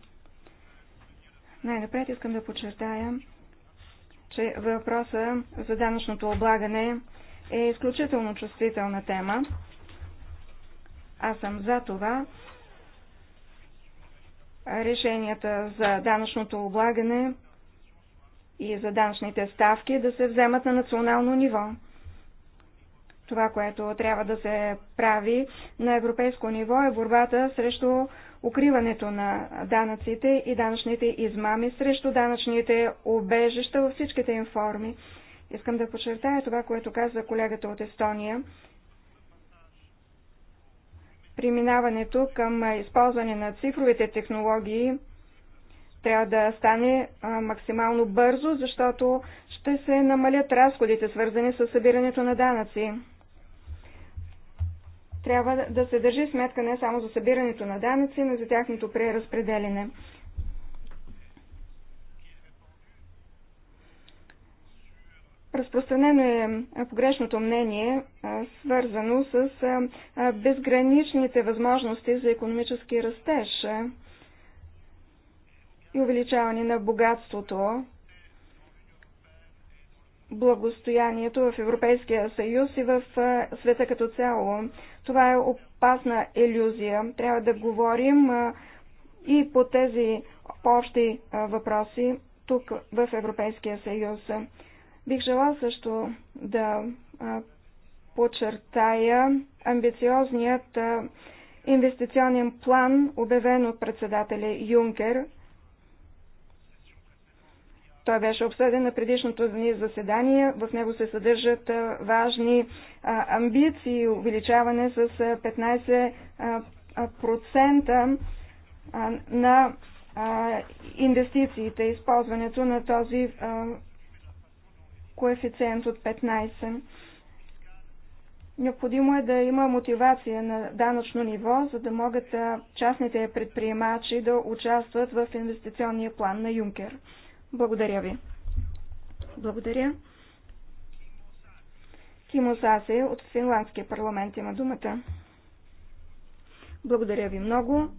Най-напред искам да подчертая, че въпроса за данъчното облагане е изключително чувствителна тема. Аз съм за това решенията за данъчното облагане и за данъчните ставки да се вземат на национално ниво. Това, което трябва да се прави на европейско ниво е борбата срещу укриването на данъците и данъчните измами, срещу данъчните обежища във всичките им форми. Искам да подчертая това, което каза колегата от Естония. Приминаването към използване на цифровите технологии трябва да стане максимално бързо, защото ще се намалят разходите, свързани с събирането на данъци трябва да се държи сметка не само за събирането на данъци, но и за тяхното преразпределене. Разпространено е, е погрешното мнение, е, свързано с е, безграничните възможности за економически растеж и увеличаване на богатството благостоянието в Европейския съюз и в света като цяло. Това е опасна иллюзия. Трябва да говорим и по тези общи въпроси тук в Европейския съюз. Бих желал също да подчертая амбициозният инвестиционен план, обявен от председателя Юнкер – той беше обсъден на предишното ни заседание. В него се съдържат важни амбиции, увеличаване с 15% на инвестициите, използването на този коефициент от 15. Необходимо е да има мотивация на данъчно ниво, за да могат частните предприемачи да участват в инвестиционния план на Юнкер. Благодаря ви. Благодаря. Кимо Сасе от Финландския парламент има думата. Благодаря ви много.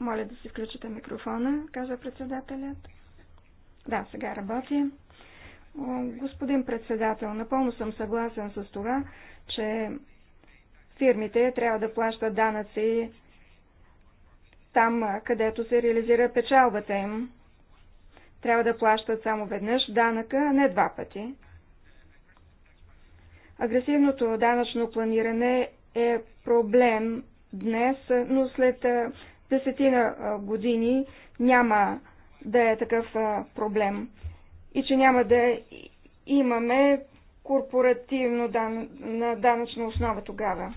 Моля да си включите микрофона, каза председателят. Да, сега работи. Господин председател, напълно съм съгласен с това, че фирмите трябва да плащат данъци там, където се реализира печалбата им. Трябва да плащат само веднъж данъка, а не два пъти. Агресивното данъчно планиране е проблем днес, но след десетина години няма да е такъв проблем. И че няма да имаме корпоративно дан... на данъчна основа тогава.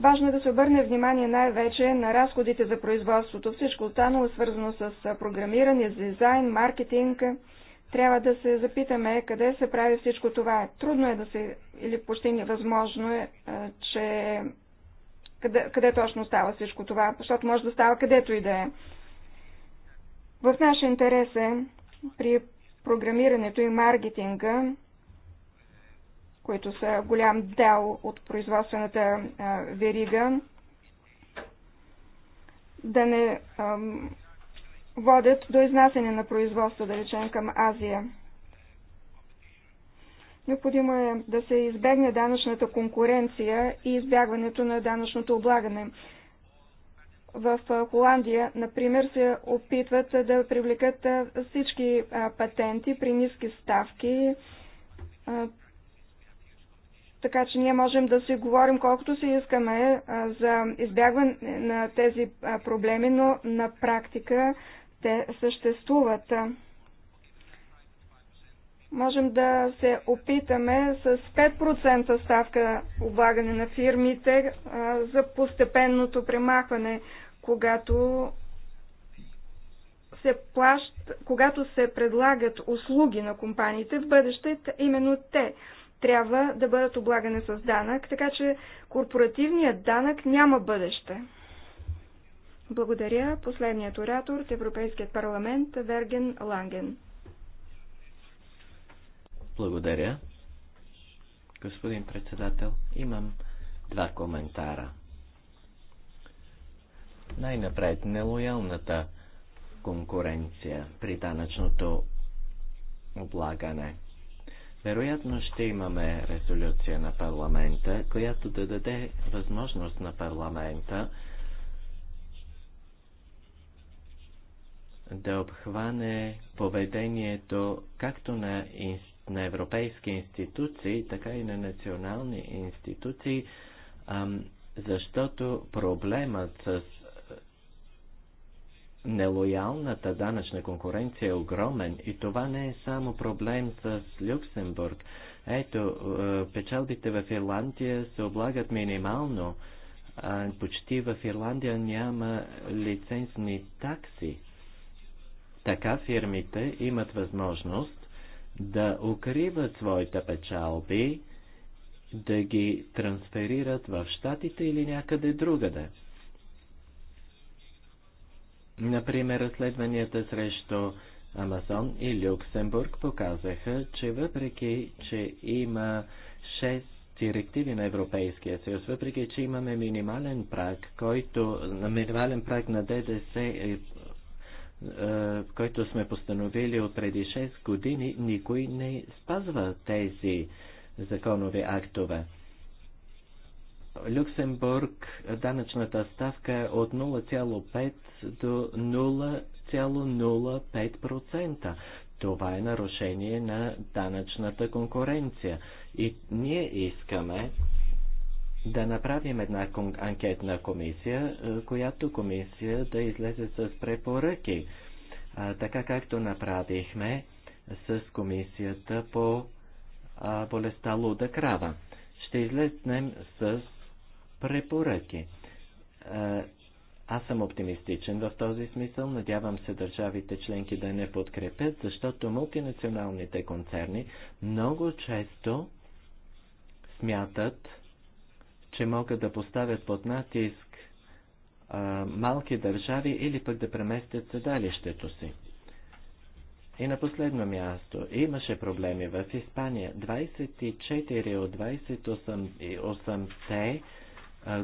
Важно е да се обърне внимание най-вече на разходите за производството. Всичко останало е свързано с програмиране, дизайн, маркетинг. Трябва да се запитаме къде се прави всичко това. Трудно е да се, или почти невъзможно е, че къде, къде точно става всичко това, защото може да става където и да е. В наш интерес е при програмирането и маркетинга които са голям дел от производствената верига, да не водят до изнасяне на производство, да речем, към Азия. Необходимо е да се избегне данъчната конкуренция и избягването на данъчното облагане. В Холандия, например, се опитват да привлекат всички патенти при ниски ставки така че ние можем да си говорим колкото си искаме за избягване на тези проблеми, но на практика те съществуват. Можем да се опитаме с 5% ставка облагане на фирмите за постепенното премахване, когато се плащ, когато се предлагат услуги на компаниите в бъдеще, именно те трябва да бъдат облагани с данък, така че корпоративният данък няма бъдеще. Благодаря. Последният оратор от Европейският парламент Верген Ланген. Благодаря. Господин председател, имам два коментара. Най-напред нелоялната конкуренция при данъчното облагане – вероятно ще имаме резолюция на парламента, която да даде възможност на парламента да обхване поведението както на, на европейски институции, така и на национални институции, защото проблемът с Нелоялната данъчна конкуренция е огромен и това не е само проблем с Люксембург. Ето, е, печалбите в Ирландия се облагат минимално. А почти в Ирландия няма лицензни такси. Така фирмите имат възможност да укриват своите печалби, да ги трансферират в щатите или някъде другаде. Например, разследванията срещу Амазон и Люксембург показаха, че въпреки, че има 6 директиви на Европейския съюз, въпреки, че имаме минимален праг, който, на минимален праг на ДДС, е, е, който сме постановили от преди 6 години, никой не спазва тези законови актове. Люксембург данъчната ставка е от 0,5 до 0,05%. Това е нарушение на данъчната конкуренция. И ние искаме да направим една анкетна комисия, е, която комисия да излезе с препоръки, а, така както направихме с комисията по а, болестта луда крава. Ще излезнем с препоръки. Е, аз съм оптимистичен в този смисъл. Надявам се държавите членки да не подкрепят, защото мултинационалните концерни много често смятат, че могат да поставят под натиск а, малки държави или пък да преместят седалището си. И на последно място имаше проблеми в Испания. 24 от 28-те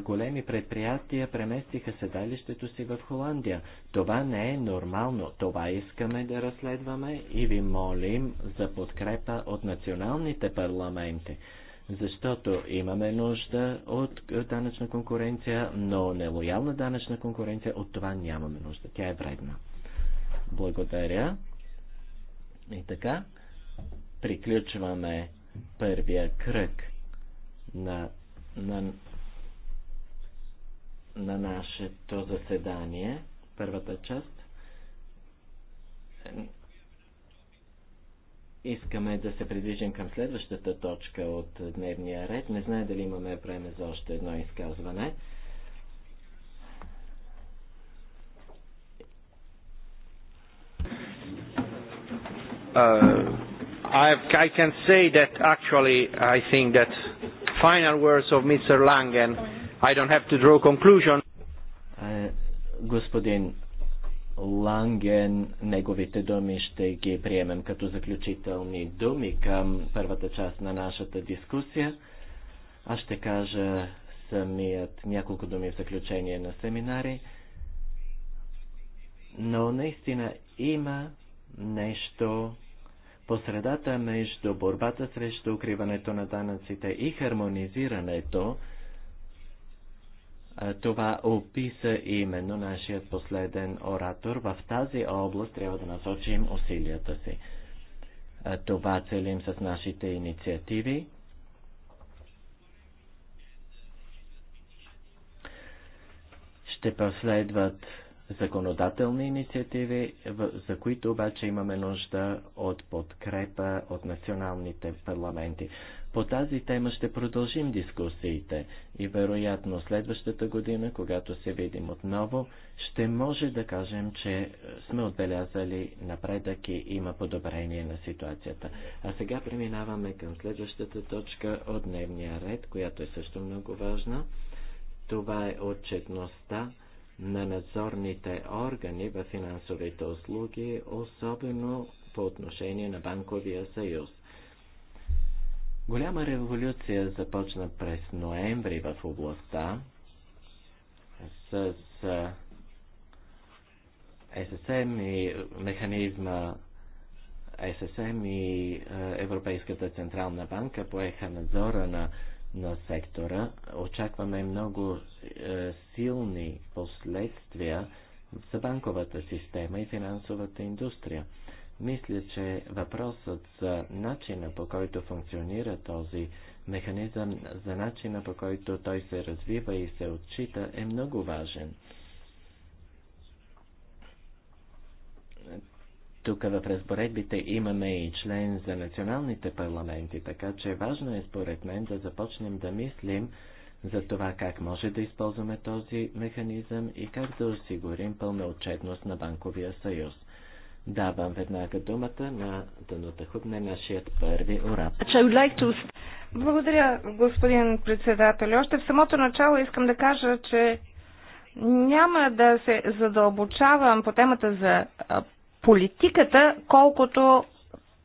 големи предприятия преместиха седалището си в Холандия. Това не е нормално. Това искаме да разследваме и ви молим за подкрепа от националните парламенти. Защото имаме нужда от данъчна конкуренция, но нелоялна данъчна конкуренция от това нямаме нужда. Тя е вредна. Благодаря. И така, приключваме първия кръг на, на на нашето заседание, първата част, искаме да се придвижим към следващата точка от дневния ред. Не знае дали имаме време за още едно изказване. Uh, I, I can say that actually I think that final words of Mr. Langen I don't have to draw conclusion. Е, господин Ланген, неговите думи ще ги приемем като заключителни думи към първата част на нашата дискусия. Аз ще кажа самият няколко думи в заключение на семинари. Но наистина има нещо по средата между борбата срещу укриването на данъците и хармонизирането това описа именно нашият последен оратор. В тази област трябва да насочим усилията си. Това целим с нашите инициативи. Ще последват законодателни инициативи, за които обаче имаме нужда от подкрепа от националните парламенти. По тази тема ще продължим дискусиите и вероятно следващата година, когато се видим отново, ще може да кажем, че сме отбелязали напредък и има подобрение на ситуацията. А сега преминаваме към следващата точка от дневния ред, която е също много важна. Това е отчетността на надзорните органи в финансовите услуги, особено по отношение на Банковия съюз. Голяма революция започна през ноември в областта с ССМ и механизма ССМ и е, Европейската централна банка поеха надзора на, на сектора. Очакваме много е, силни последствия за банковата система и финансовата индустрия. Мисля, че въпросът за начина по който функционира този механизъм, за начина по който той се развива и се отчита е много важен. Тук в разпоредбите имаме и член за националните парламенти, така че важно е според мен да започнем да мислим за това как може да използваме този механизъм и как да осигурим пълна отчетност на Банковия съюз. Давам веднага думата на Данута Хубне, нашият първи оратор. Благодаря, господин председател. Още в самото начало искам да кажа, че няма да се задълбочавам по темата за политиката, колкото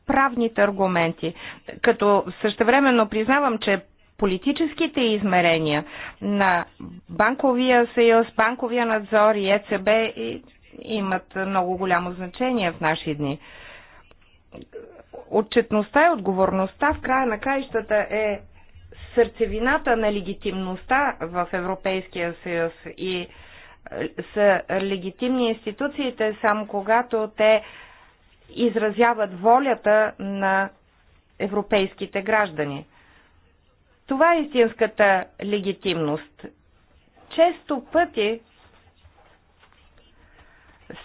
правните аргументи. Като същевременно признавам, че политическите измерения на банковия съюз, банковия надзор и ЕЦБ и имат много голямо значение в наши дни. Отчетността и отговорността в края на краищата е сърцевината на легитимността в Европейския съюз и е, са легитимни институциите само когато те изразяват волята на европейските граждани. Това е истинската легитимност. Често пъти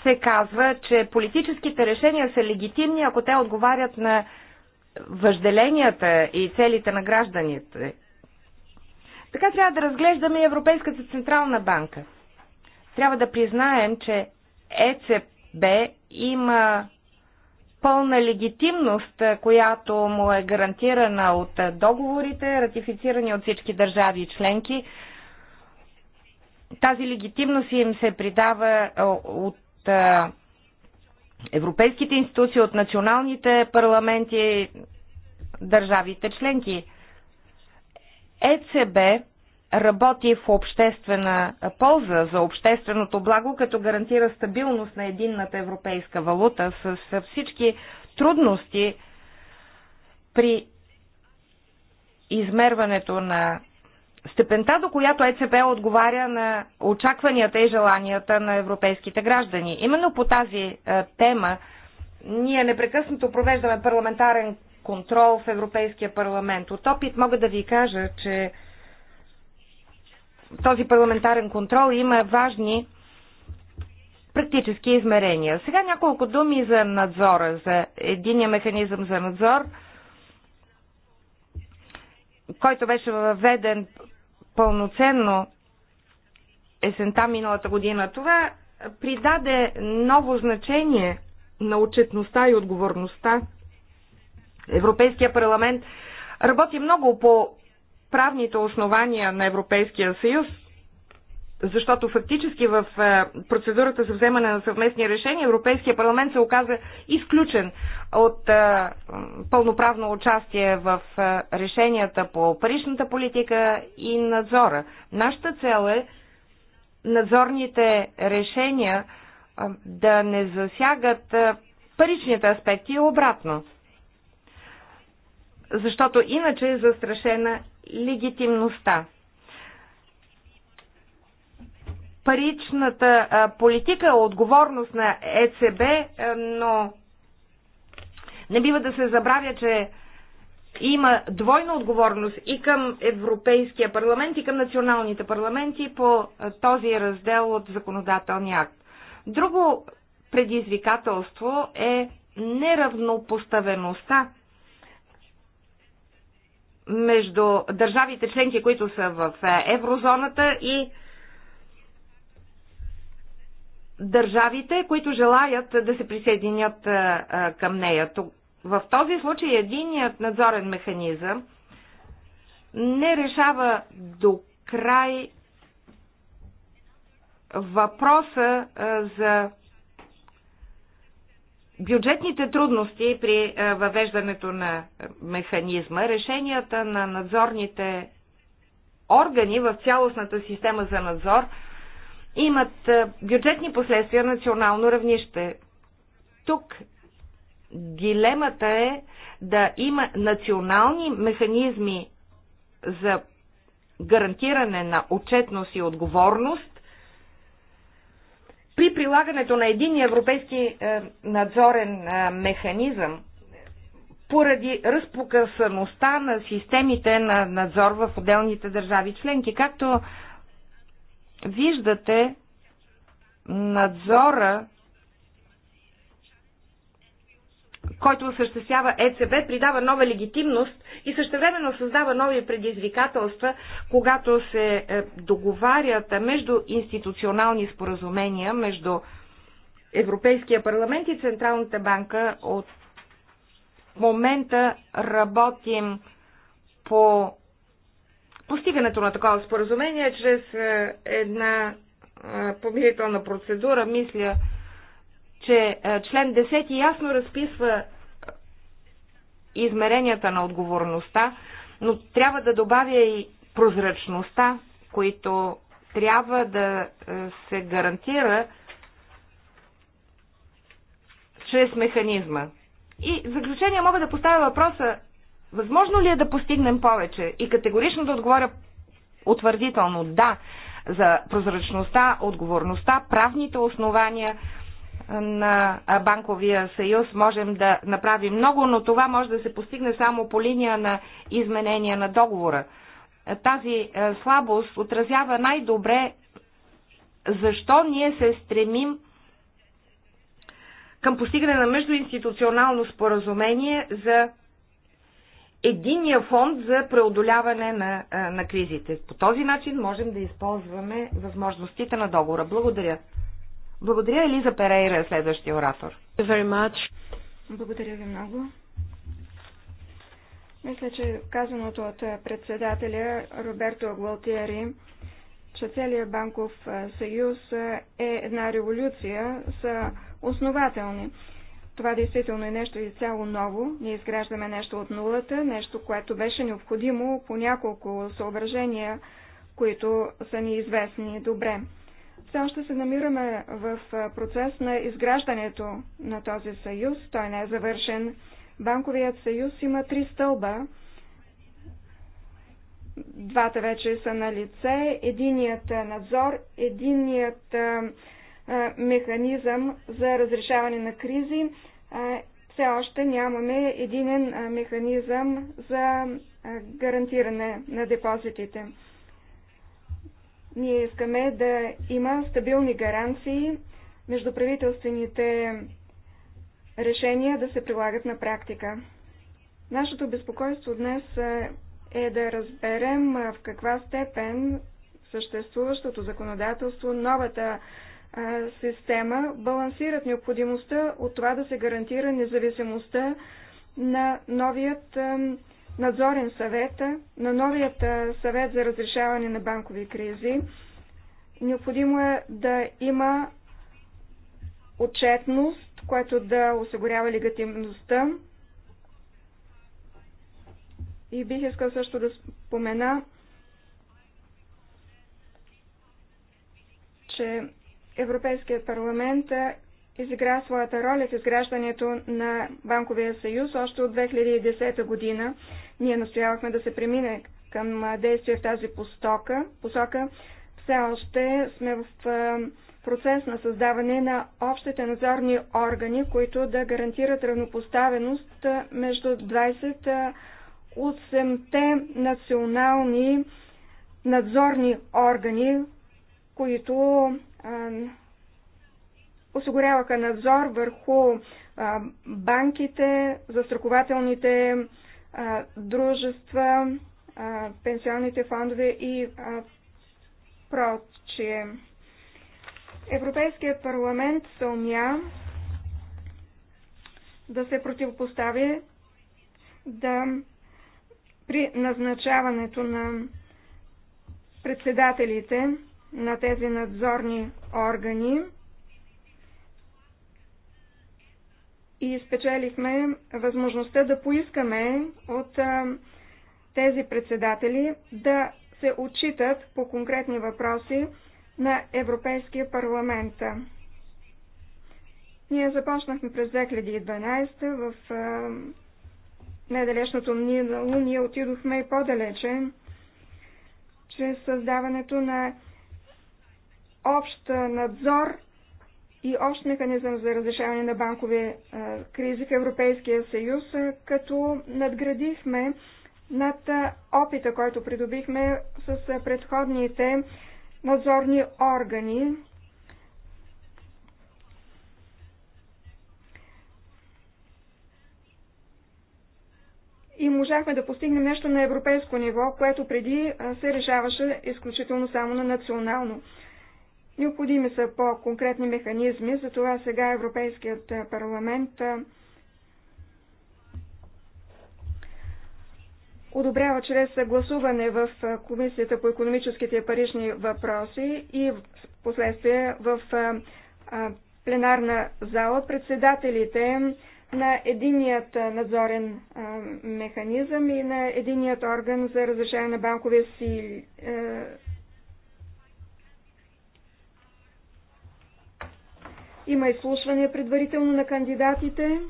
се казва, че политическите решения са легитимни, ако те отговарят на въжделенията и целите на гражданите. Така трябва да разглеждаме и Европейската централна банка. Трябва да признаем, че ЕЦБ има пълна легитимност, която му е гарантирана от договорите, ратифицирани от всички държави и членки. Тази легитимност им се придава от е, европейските институции, от националните парламенти, държавите членки. ЕЦБ работи в обществена полза за общественото благо, като гарантира стабилност на единната европейска валута с всички трудности при измерването на степента, до която ЕЦБ отговаря на очакванията и желанията на европейските граждани. Именно по тази е, тема ние непрекъснато провеждаме парламентарен контрол в Европейския парламент. От опит мога да ви кажа, че този парламентарен контрол има важни практически измерения. Сега няколко думи за надзора, за единия механизъм за надзор – който беше въведен пълноценно есента миналата година. Това придаде ново значение на отчетността и отговорността. Европейския парламент работи много по правните основания на Европейския съюз защото фактически в е, процедурата за вземане на съвместни решения Европейския парламент се оказа изключен от е, пълноправно участие в е, решенията по паричната политика и надзора. Нашата цел е надзорните решения да не засягат паричните аспекти и обратно. Защото иначе е застрашена легитимността. паричната политика е отговорност на ЕЦБ, но не бива да се забравя, че има двойна отговорност и към Европейския парламент, и към националните парламенти по този раздел от законодателния акт. Друго предизвикателство е неравнопоставеността между държавите членки, които са в еврозоната и държавите, които желаят да се присъединят към нея. В този случай единият надзорен механизъм не решава до край въпроса за бюджетните трудности при въвеждането на механизма, решенията на надзорните органи в цялостната система за надзор – имат бюджетни последствия на национално равнище. Тук дилемата е да има национални механизми за гарантиране на отчетност и отговорност при прилагането на един европейски е, надзорен е, механизъм поради разпокъсаността на системите на надзор в отделните държави членки. Както виждате надзора, който осъществява ЕЦБ, придава нова легитимност и същевременно създава нови предизвикателства, когато се е, договарят между институционални споразумения, между Европейския парламент и Централната банка. От момента работим по Постигането на такова споразумение чрез е, една е, помирителна процедура, мисля, че е, член 10 ясно разписва измеренията на отговорността, но трябва да добавя и прозрачността, които трябва да се гарантира чрез механизма. И в заключение мога да поставя въпроса, Възможно ли е да постигнем повече? И категорично да отговоря утвърдително да за прозрачността, отговорността, правните основания на Банковия съюз можем да направим много, но това може да се постигне само по линия на изменения на договора. Тази слабост отразява най-добре защо ние се стремим към постигане на междуинституционално споразумение за единия фонд за преодоляване на, на кризите. По този начин можем да използваме възможностите на договора. Благодаря. Благодаря Елиза Перейра, следващия оратор. Благодаря ви много. Мисля, че казаното от председателя Роберто Гвалтиери, че целият банков съюз е една революция, са основателни. Това действително е нещо изцяло ново. Ние изграждаме нещо от нулата, нещо, което беше необходимо по няколко съображения, които са ни известни добре. Все още се намираме в процес на изграждането на този съюз. Той не е завършен. Банковият съюз има три стълба. Двата вече са на лице. Единият е надзор, единият механизъм за разрешаване на кризи. Все още нямаме единен механизъм за гарантиране на депозитите. Ние искаме да има стабилни гаранции между правителствените решения да се прилагат на практика. Нашето безпокойство днес е да разберем в каква степен съществуващото законодателство, новата система балансират необходимостта от това да се гарантира независимостта на новият надзорен съвет, на новият съвет за разрешаване на банкови кризи. Необходимо е да има отчетност, което да осигурява легитимността. И бих искал също да спомена, че Европейският парламент изигра своята роля в изграждането на Банковия съюз още от 2010 година. Ние настоявахме да се премине към действие в тази постока, посока. Все още сме в процес на създаване на общите надзорни органи, които да гарантират равнопоставеност между 28-те национални надзорни органи, които осигуряваха надзор върху банките, застрахователните дружества, пенсионните фондове и прочие. Европейският парламент се умя да се противопостави да при назначаването на председателите на тези надзорни органи и спечелихме възможността да поискаме от тези председатели да се отчитат по конкретни въпроси на Европейския парламент. Ние започнахме през 2012 в недалечното минало, ние отидохме и по-далече чрез създаването на общ надзор и общ механизъм за разрешаване на банкови кризи в Европейския съюз, като надградихме над опита, който придобихме с предходните надзорни органи. И можахме да постигнем нещо на европейско ниво, което преди се решаваше изключително само на национално. Необходими са по-конкретни механизми, затова сега Европейският парламент одобрява чрез гласуване в Комисията по економическите и парични въпроси и в последствие в пленарна зала председателите на единият надзорен механизъм и на единият орган за разрешение на банкови си Има изслушвания предварително на кандидатите.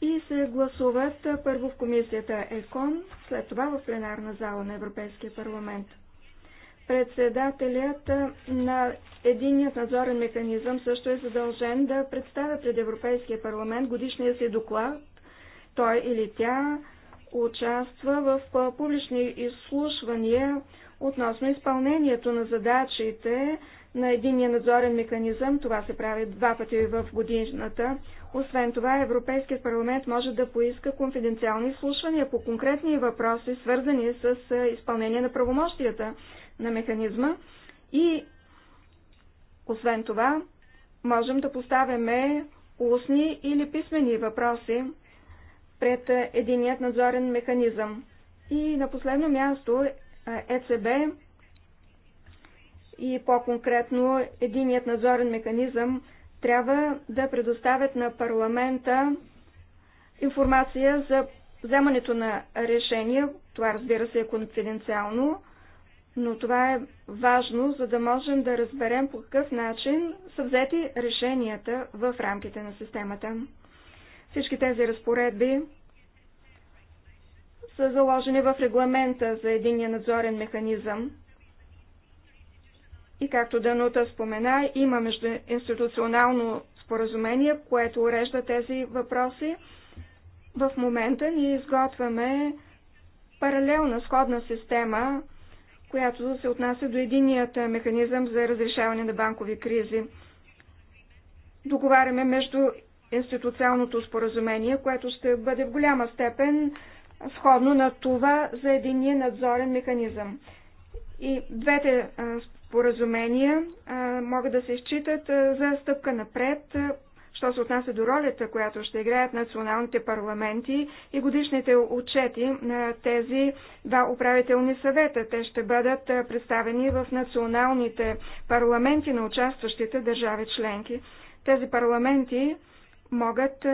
И се гласуват първо в комисията ЕКОН, след това в пленарна зала на Европейския парламент. Председателят на единният надзорен механизъм също е задължен да представя пред Европейския парламент годишния си доклад. Той или тя участва в публични изслушвания относно изпълнението на задачите на единния надзорен механизъм. Това се прави два пъти в годината. Освен това, Европейският парламент може да поиска конфиденциални изслушвания по конкретни въпроси, свързани с изпълнение на правомощията на механизма. И освен това, можем да поставяме устни или писмени въпроси пред единият надзорен механизъм. И на последно място ЕЦБ и по-конкретно единият надзорен механизъм трябва да предоставят на парламента информация за вземането на решения. Това разбира се е конфиденциално, но това е важно, за да можем да разберем по какъв начин са взети решенията в рамките на системата. Всички тези разпоредби са заложени в регламента за единия надзорен механизъм. И както Данута спомена, има междуинституционално споразумение, което урежда тези въпроси. В момента ние изготвяме паралелна сходна система, която се отнася до единият механизъм за разрешаване на банкови кризи. Договаряме между институционалното споразумение, което ще бъде в голяма степен сходно на това за единия надзорен механизъм. И двете споразумения могат да се считат за стъпка напред, що се отнася до ролята, която ще играят националните парламенти и годишните отчети на тези два управителни съвета. Те ще бъдат представени в националните парламенти на участващите държави членки. Тези парламенти могат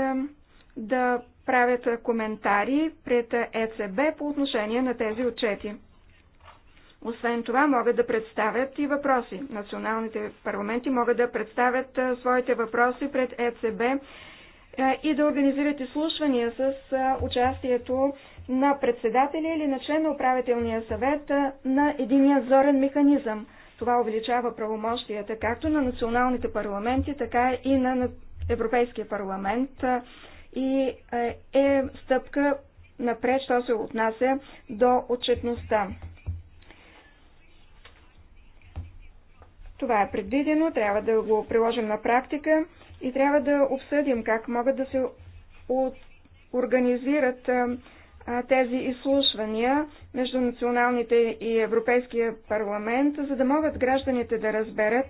да правят коментари пред ЕЦБ по отношение на тези отчети. Освен това, могат да представят и въпроси. Националните парламенти могат да представят своите въпроси пред ЕЦБ и да организират изслушвания с участието на председателя или на член на управителния съвет на единия зорен механизъм. Това увеличава правомощията както на националните парламенти, така и на Европейския парламент и е, е стъпка напред, що се отнася до отчетността. Това е предвидено, трябва да го приложим на практика и трябва да обсъдим как могат да се организират тези изслушвания между националните и Европейския парламент, за да могат гражданите да разберат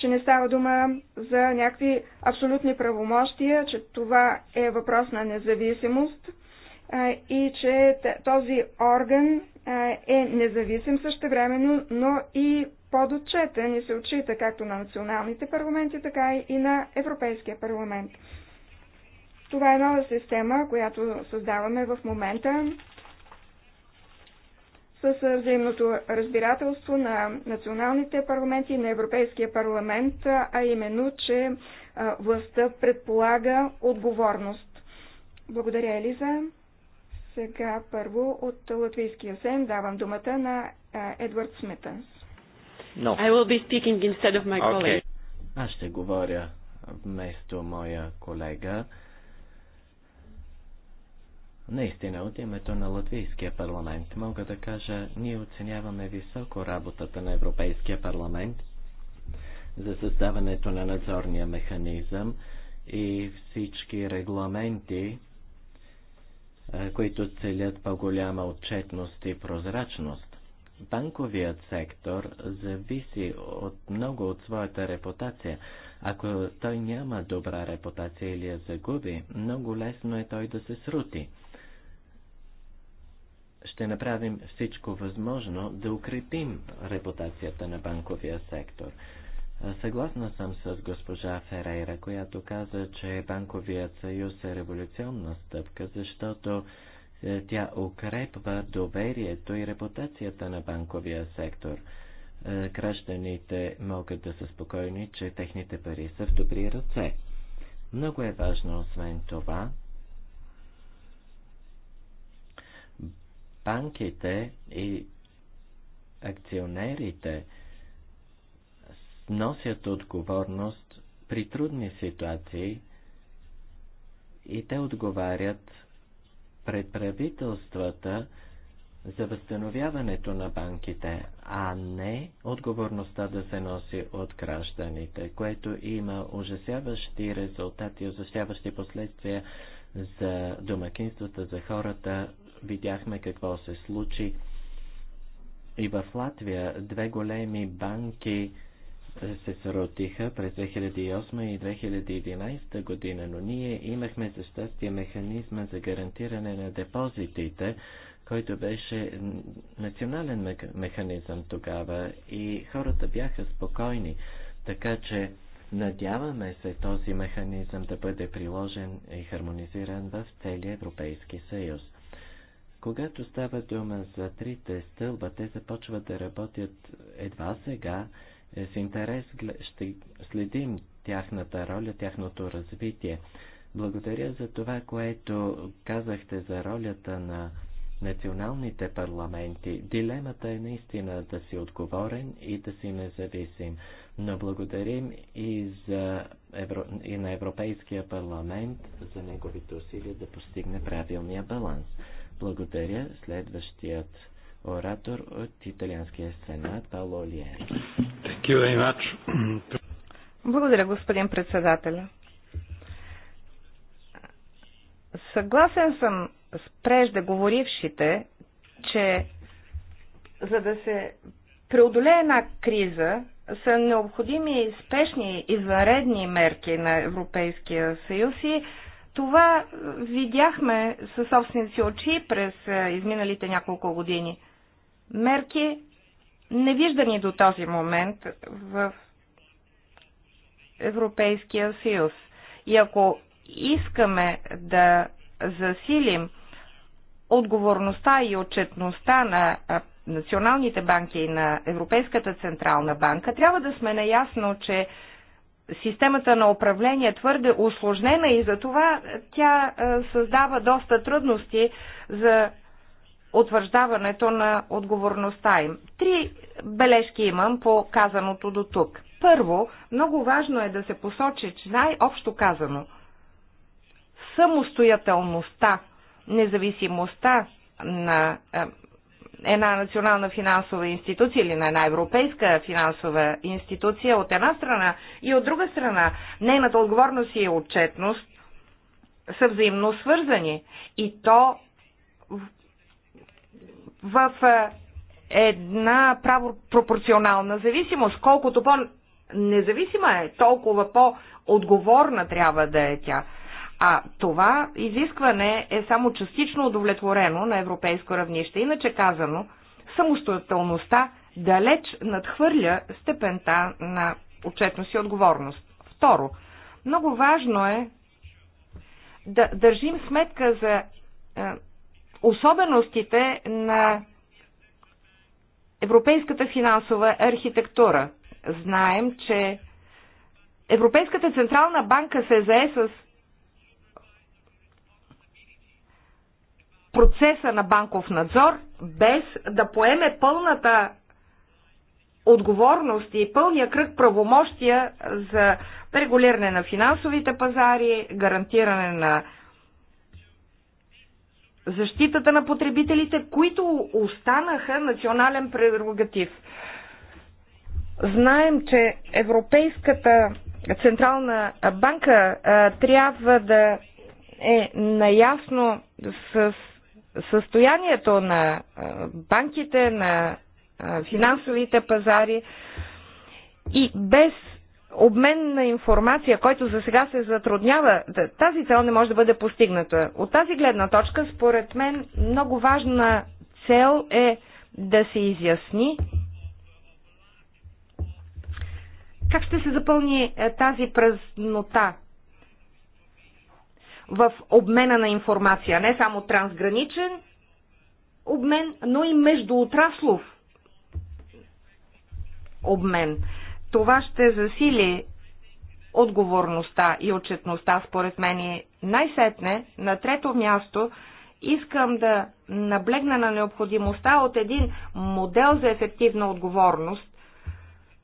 че не става дума за някакви абсолютни правомощия, че това е въпрос на независимост и че този орган е независим същевременно, но и подотчетен и се отчита както на националните парламенти, така и на Европейския парламент. Това е нова система, която създаваме в момента с взаимното разбирателство на националните парламенти и на Европейския парламент, а именно, че властта предполага отговорност. Благодаря, Елиза. Сега първо от Латвийския сен давам думата на Едвард Сметънс. No. I will be speaking instead of my okay. colleague. Аз ще говоря вместо моя колега. Наистина, от името на Латвийския парламент мога да кажа, ние оценяваме високо работата на Европейския парламент за създаването на надзорния механизъм и всички регламенти, които целят по-голяма отчетност и прозрачност. Банковият сектор зависи от много от своята репутация. Ако той няма добра репутация или я загуби, много лесно е той да се срути ще направим всичко възможно да укрепим репутацията на банковия сектор. Съгласна съм с госпожа Ферейра, която каза, че банковият съюз е революционна стъпка, защото е, тя укрепва доверието и репутацията на банковия сектор. Гражданите могат да са спокойни, че техните пари са в добри ръце. Много е важно, освен това, банките и акционерите носят отговорност при трудни ситуации и те отговарят пред правителствата за възстановяването на банките, а не отговорността да се носи от гражданите, което има ужасяващи резултати, ужасяващи последствия за домакинствата, за хората, Видяхме какво се случи. И в Латвия две големи банки се сротиха през 2008 и 2011 година, но ние имахме за щастие механизма за гарантиране на депозитите, който беше национален механизъм тогава и хората бяха спокойни. Така че надяваме се този механизъм да бъде приложен и хармонизиран в целия Европейски съюз. Когато става дума за трите стълба, те започват да работят едва сега. Е, с интерес ще следим тяхната роля, тяхното развитие. Благодаря за това, което казахте за ролята на националните парламенти. Дилемата е наистина да си отговорен и да си независим. Но благодарим и, за Евро... и на Европейския парламент за неговите усилия да постигне правилния баланс. Благодаря. Следващият оратор от Италианския сенат Пало Лиери. Благодаря, господин председател. Съгласен съм с преждеговорившите, че за да се преодолее една криза, са необходими спешни извънредни мерки на Европейския съюз и това видяхме със собствените си очи през е, изминалите няколко години. Мерки, невиждани до този момент в Европейския съюз. И ако искаме да засилим отговорността и отчетността на националните банки и на Европейската централна банка, трябва да сме наясно, че системата на управление твърде усложнена и затова тя е, създава доста трудности за утвърждаването на отговорността им. Три бележки имам по казаното до тук. Първо, много важно е да се посочи, че най-общо казано, самостоятелността, независимостта на е, една национална финансова институция или на една европейска финансова институция от една страна и от друга страна нейната отговорност и отчетност са взаимно свързани и то в, в една право пропорционална зависимост. Колкото по-независима е, толкова по-отговорна трябва да е тя. А това изискване е само частично удовлетворено на европейско равнище. Иначе казано, самостоятелността далеч надхвърля степента на отчетност и отговорност. Второ, много важно е да държим сметка за е, особеностите на европейската финансова архитектура. Знаем, че Европейската централна банка се зае с процеса на банков надзор, без да поеме пълната отговорност и пълния кръг правомощия за регулиране на финансовите пазари, гарантиране на защитата на потребителите, които останаха национален прерогатив. Знаем, че Европейската Централна банка а, трябва да е наясно с състоянието на банките, на финансовите пазари и без обмен на информация, който за сега се затруднява, тази цел не може да бъде постигната. От тази гледна точка, според мен, много важна цел е да се изясни как ще се запълни е, тази празнота в обмена на информация, не само трансграничен обмен, но и междуотраслов обмен. Това ще засили отговорността и отчетността, според мен. И най-сетне, на трето място, искам да наблегна на необходимостта от един модел за ефективна отговорност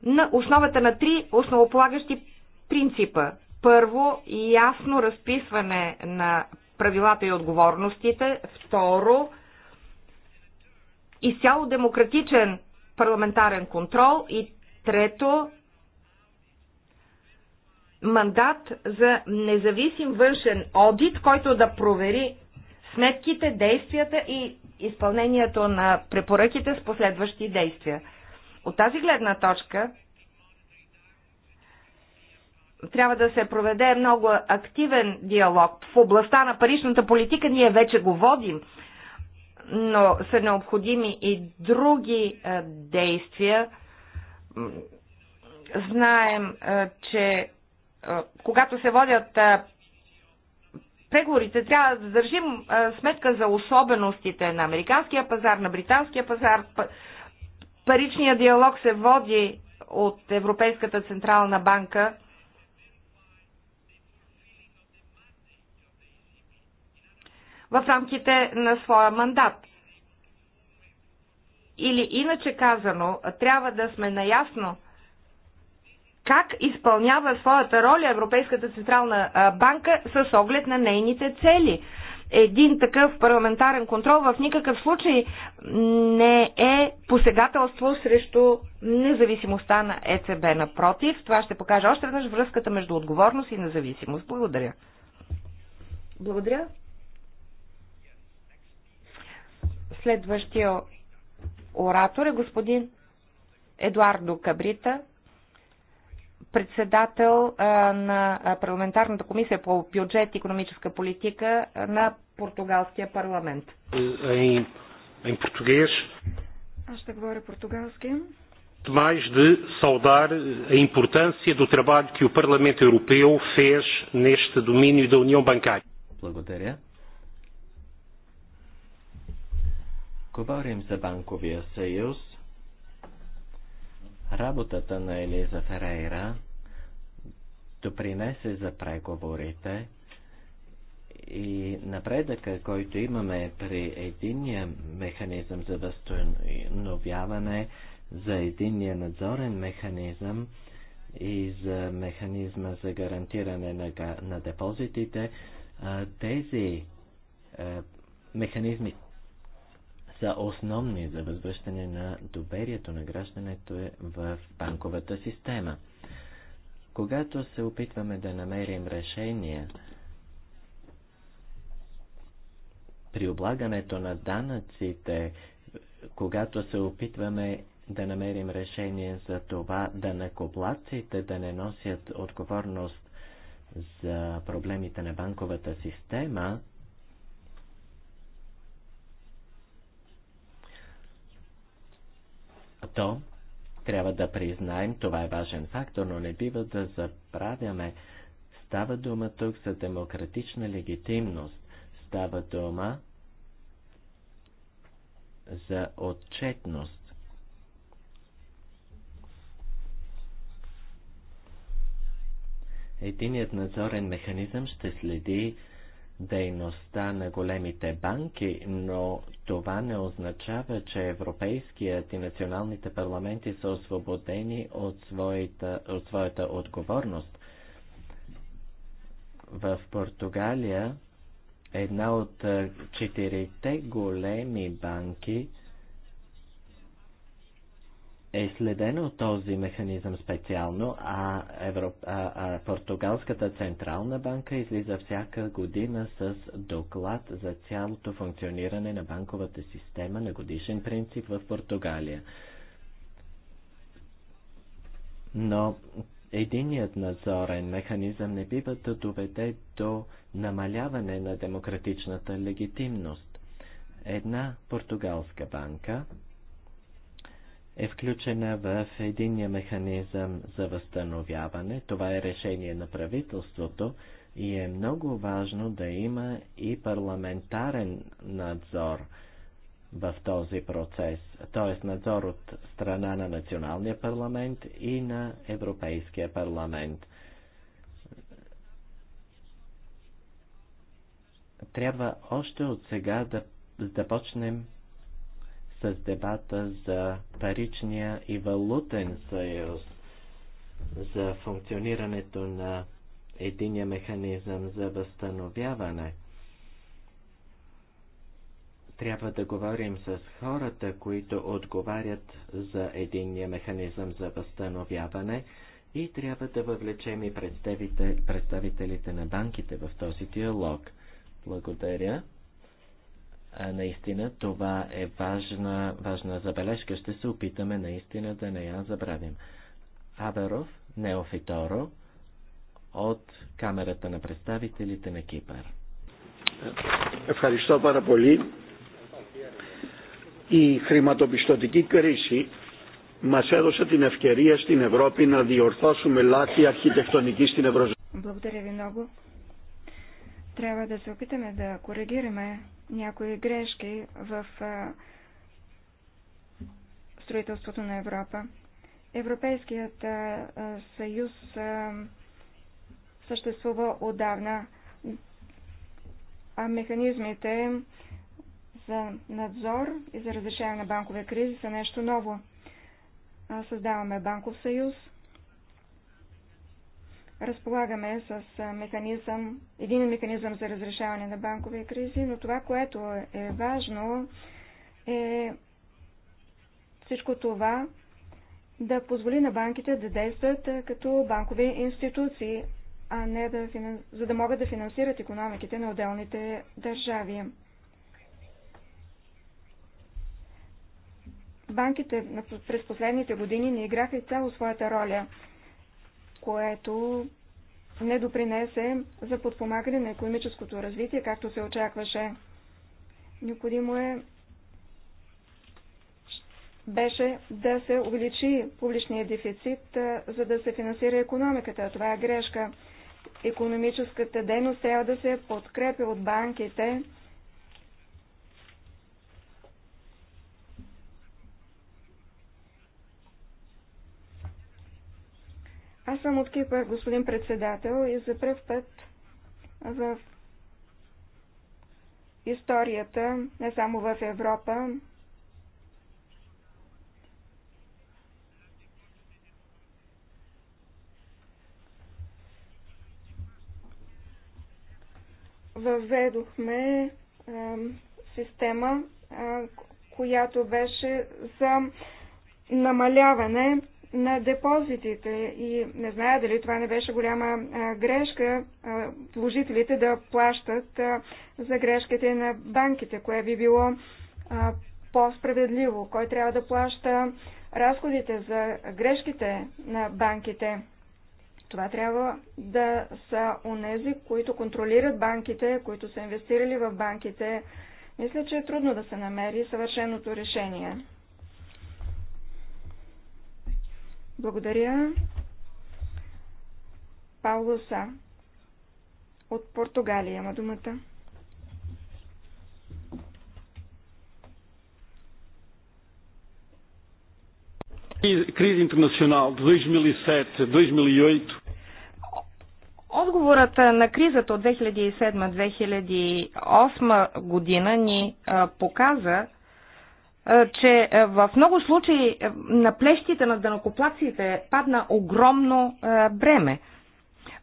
на основата на три основополагащи принципа първо, ясно разписване на правилата и отговорностите. Второ, изцяло демократичен парламентарен контрол. И трето, мандат за независим външен одит, който да провери сметките, действията и изпълнението на препоръките с последващи действия. От тази гледна точка трябва да се проведе много активен диалог. В областта на паричната политика ние вече го водим, но са необходими и други е, действия. Знаем, е, че е, когато се водят преговорите, трябва да държим сметка за особеностите на американския пазар, на британския пазар. Паричният диалог се води от Европейската централна банка в рамките на своя мандат. Или иначе казано, трябва да сме наясно как изпълнява своята роля Европейската централна банка с оглед на нейните цели. Един такъв парламентарен контрол в никакъв случай не е посегателство срещу независимостта на ЕЦБ. Напротив, това ще покаже още веднъж връзката между отговорност и независимост. Благодаря. Благодаря. Следващия оратор е господин Едуардо Кабрита, председател на парламентарната комисия по бюджет и економическа политика на португалския парламент. Em е, português. Е, е, Аз ще говоря португалски. Mais de saudar a importância do trabalho que o Parlamento Europeu fez neste domínio da União Bancária. Благодаря. Говорим за банковия съюз. Работата на Елиза Ферейра допринесе за преговорите и напредъка, който имаме при единия механизъм за възстановяване, за единия надзорен механизъм и за механизма за гарантиране на, на депозитите, тези механизми са основни за възвръщане на доверието на гражданите в банковата система. Когато се опитваме да намерим решение при облагането на данъците, когато се опитваме да намерим решение за това да накоплаците да не носят отговорност за проблемите на банковата система, то трябва да признаем, това е важен фактор, но не бива да забравяме. Става дума тук за демократична легитимност. Става дума за отчетност. Единият надзорен механизъм ще следи дейността на големите банки, но това не означава, че Европейският и националните парламенти са освободени от своята, от своята отговорност. В Португалия една от четирите големи банки е следено този механизъм специално, а, Европ... а, а Португалската централна банка излиза всяка година с доклад за цялото функциониране на банковата система на годишен принцип в Португалия. Но единият надзорен механизъм не бива да доведе до намаляване на демократичната легитимност. Една португалска банка е включена в единния механизъм за възстановяване. Това е решение на правителството и е много важно да има и парламентарен надзор в този процес, т.е. надзор от страна на националния парламент и на Европейския парламент. Трябва още от сега да започнем с дебата за паричния и валутен съюз, за функционирането на единия механизъм за възстановяване. Трябва да говорим с хората, които отговарят за единния механизъм за възстановяване и трябва да въвлечем и представителите на банките в този диалог. Благодаря. Наистина това е важна, важна забележка. Ще се опитаме наистина да не я забравим. Аверов Неофиторо от Камерата на представителите на Кипър. Ευχαριστώ πάρα πολύ. Η χρηματοπιστωτική κρίση μας έδωσε την ευκαιρία στην Ευρώπη να διορθώσουμε λάθη αρχιτεκτονική στην Ευρωζώνη. Благодаря ви много. Трябва да се опитаме да коригираме някои грешки в строителството на Европа. Европейският съюз съществува отдавна, а механизмите за надзор и за разрешение на банкови кризи са нещо ново. Създаваме банков съюз – разполагаме с механизъм, един механизъм за разрешаване на банкови кризи, но това, което е важно, е всичко това да позволи на банките да действат като банкови институции, а не да, финанс... за да могат да финансират економиките на отделните държави. Банките през последните години не играха и цяло своята роля което не допринесе за подпомагане на економическото развитие, както се очакваше. Необходимо е беше да се увеличи публичния дефицит, за да се финансира економиката. Това е грешка. Економическата дейност трябва да се подкрепи от банките, Аз съм от Кипър, господин председател, и за пръв път в историята, не само в Европа, въведохме а, система, а, която беше за намаляване на депозитите и не зная дали това не беше голяма грешка вложителите да плащат за грешките на банките, кое би било по-справедливо, кой трябва да плаща разходите за грешките на банките. Това трябва да са онези, които контролират банките, които са инвестирали в банките. Мисля, че е трудно да се намери съвършеното решение. Благодаря. Пауло Са от Португалия има думата. Криза интернационал 2007-2008. Отговорът на кризата от 2007-2008 година ни показа, че в много случаи на плещите на дънакоплаците падна огромно бреме.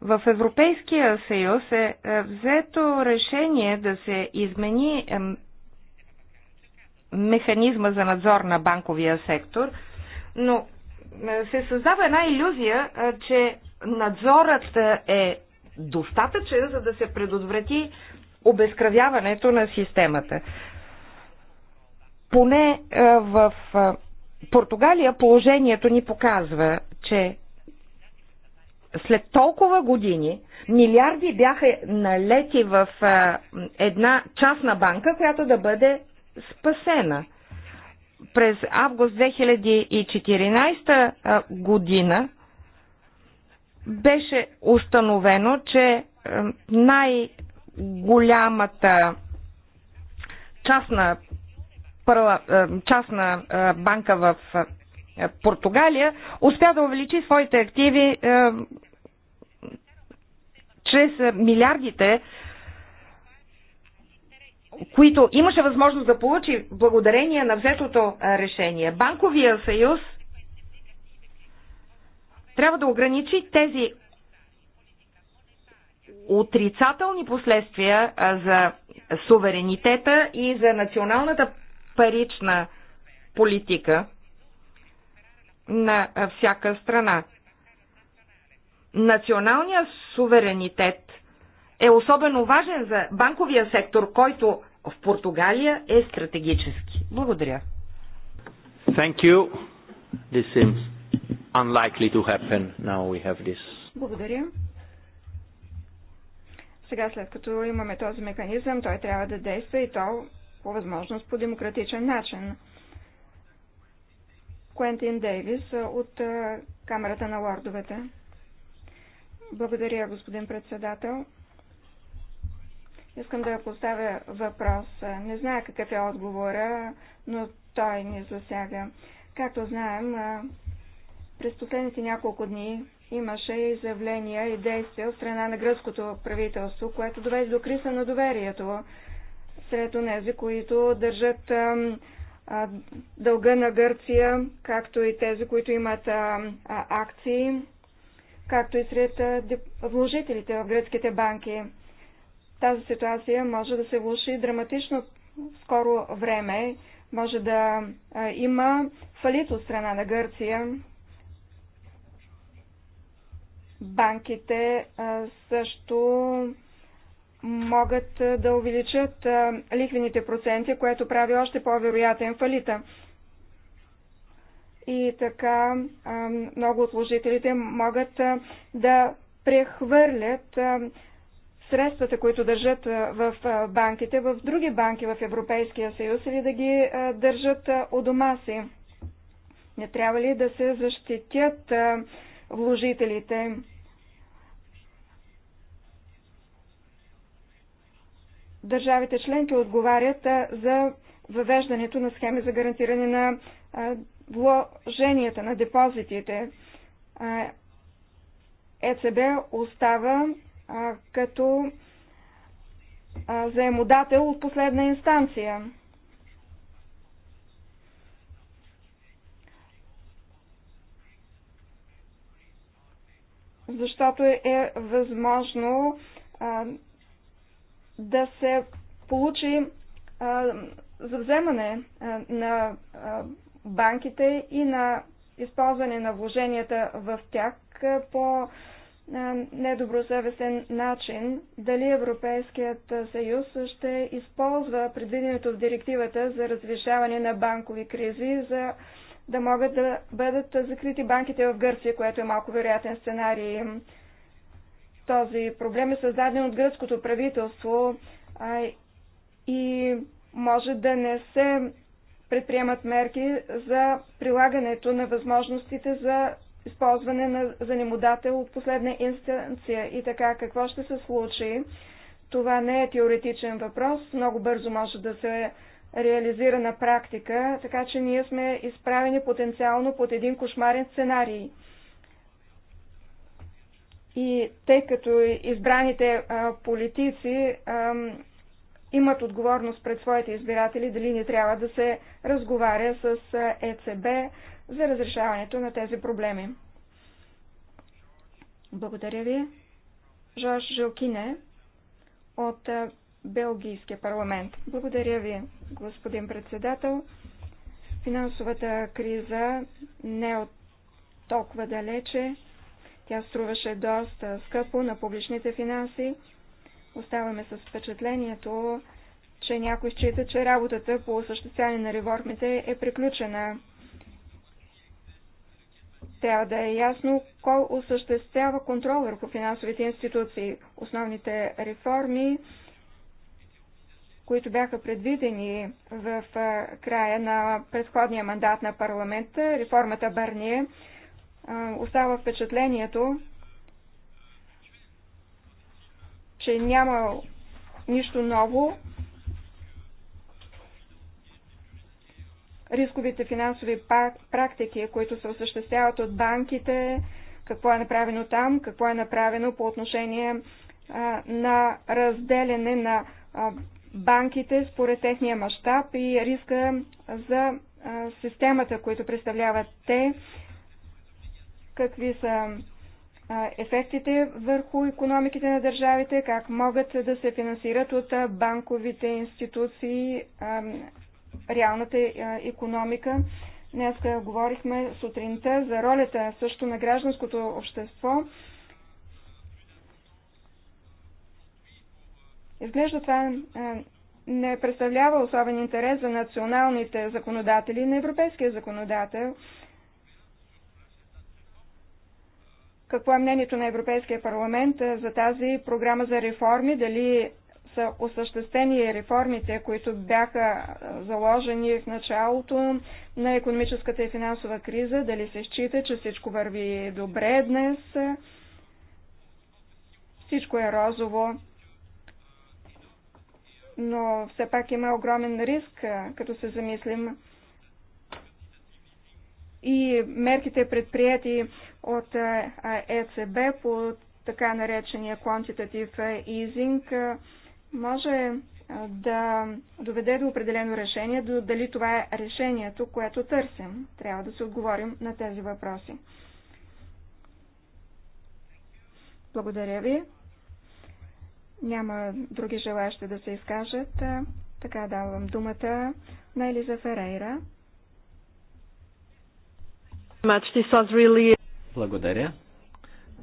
В Европейския съюз е взето решение да се измени механизма за надзор на банковия сектор, но е, се създава една иллюзия, е, че надзорът е, е достатъчен, за да се предотврати обезкръвяването на системата. Поне е, в е, Португалия положението ни показва, че след толкова години милиарди бяха налети в е, една частна банка, която да бъде спасена. През август 2014 година беше установено, че най-голямата частна е, частна е, банка в е, Португалия успя да увеличи своите активи чрез милиардите, които имаше възможност да получи благодарение на взетото решение. Банковия съюз трябва да ограничи тези отрицателни последствия за суверенитета и за националната парична политика на всяка страна. Националният суверенитет е особено важен за банковия сектор, който в Португалия е стратегически. Благодаря. Thank you. This seems unlikely to happen. Now we have this. Благодаря. Сега след като имаме този механизъм, той трябва да действа и то по възможност по демократичен начин. Куентин Дейвис от Камерата на лордовете. Благодаря, господин председател. Искам да поставя въпрос. Не зная какъв е отговора, но той ни засяга. Както знаем, през последните няколко дни имаше изявления и действия от страна на гръцкото правителство, което доведе до криза на доверието сред тези, които държат а, а, дълга на Гърция, както и тези, които имат а, а, акции, както и сред а, вложителите в гръцките банки. Тази ситуация може да се влуши драматично в скоро време. Може да а, има фалит от страна на Гърция. Банките а, също могат да увеличат лихвените проценти, което прави още по-вероятен фалита. И така много от служителите могат да прехвърлят средствата, които държат в банките, в други банки в Европейския съюз или да ги държат у дома си. Не трябва ли да се защитят вложителите? държавите членки отговарят за въвеждането на схеми за гарантиране на вложенията, на депозитите. ЕЦБ остава като заемодател от последна инстанция. Защото е възможно да се получи а, за вземане а, на а, банките и на използване на вложенията в тях по недобросъвестен начин, дали Европейският съюз ще използва предвиденото в директивата за разрешаване на банкови кризи, за да могат да бъдат закрити банките в Гърция, което е малко вероятен сценарий. Този проблем е създаден от гръцкото правителство а, и може да не се предприемат мерки за прилагането на възможностите за използване на занимодател от последна инстанция. И така, какво ще се случи? Това не е теоретичен въпрос, много бързо може да се реализира на практика, така че ние сме изправени потенциално под един кошмарен сценарий. И тъй като избраните а, политици а, имат отговорност пред своите избиратели, дали не трябва да се разговаря с ЕЦБ за разрешаването на тези проблеми. Благодаря ви. Жорж Жилкине от Белгийския парламент. Благодаря ви, господин председател. Финансовата криза не е от толкова далече. Тя струваше доста скъпо на публичните финанси. Оставаме с впечатлението, че някой счита, че работата по осъществяване на реформите е приключена. Трябва да е ясно кой осъществява контрол върху финансовите институции. Основните реформи, които бяха предвидени в края на предходния мандат на парламента, реформата Бърние, остава впечатлението, че няма нищо ново. Рисковите финансови практики, които се осъществяват от банките, какво е направено там, какво е направено по отношение на разделяне на банките според техния мащаб и риска за системата, които представляват те, какви са ефектите върху економиките на държавите, как могат да се финансират от банковите институции, реалната економика. Днес говорихме сутринта за ролята също на гражданското общество. Изглежда това не представлява особен интерес за националните законодатели на европейския законодател. Какво е мнението на Европейския парламент за тази програма за реформи? Дали са осъществени реформите, които бяха заложени в началото на економическата и финансова криза? Дали се счита, че всичко върви добре днес? Всичко е розово но все пак има огромен риск, като се замислим. И мерките предприяти от е, е, ЕЦБ по така наречения quantitative е, easing може да доведе до определено решение, до дали това е решението, което търсим. Трябва да се отговорим на тези въпроси. Благодаря ви. Няма други желащи да се изкажат. Така давам думата на Елиза Ферейра. Благодаря.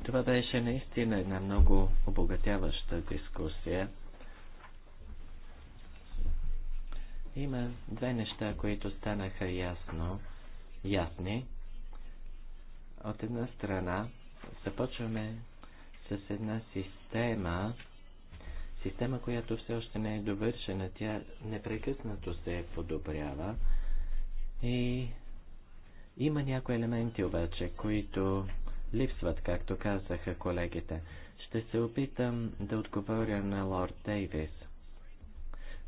Това беше наистина една много обогатяваща дискусия. Има две неща, които станаха ясно, ясни. От една страна започваме с една система, система, която все още не е довършена, тя непрекъснато се подобрява и има някои елементи обаче, които липсват, както казаха колегите. Ще се опитам да отговоря на лорд Дейвис.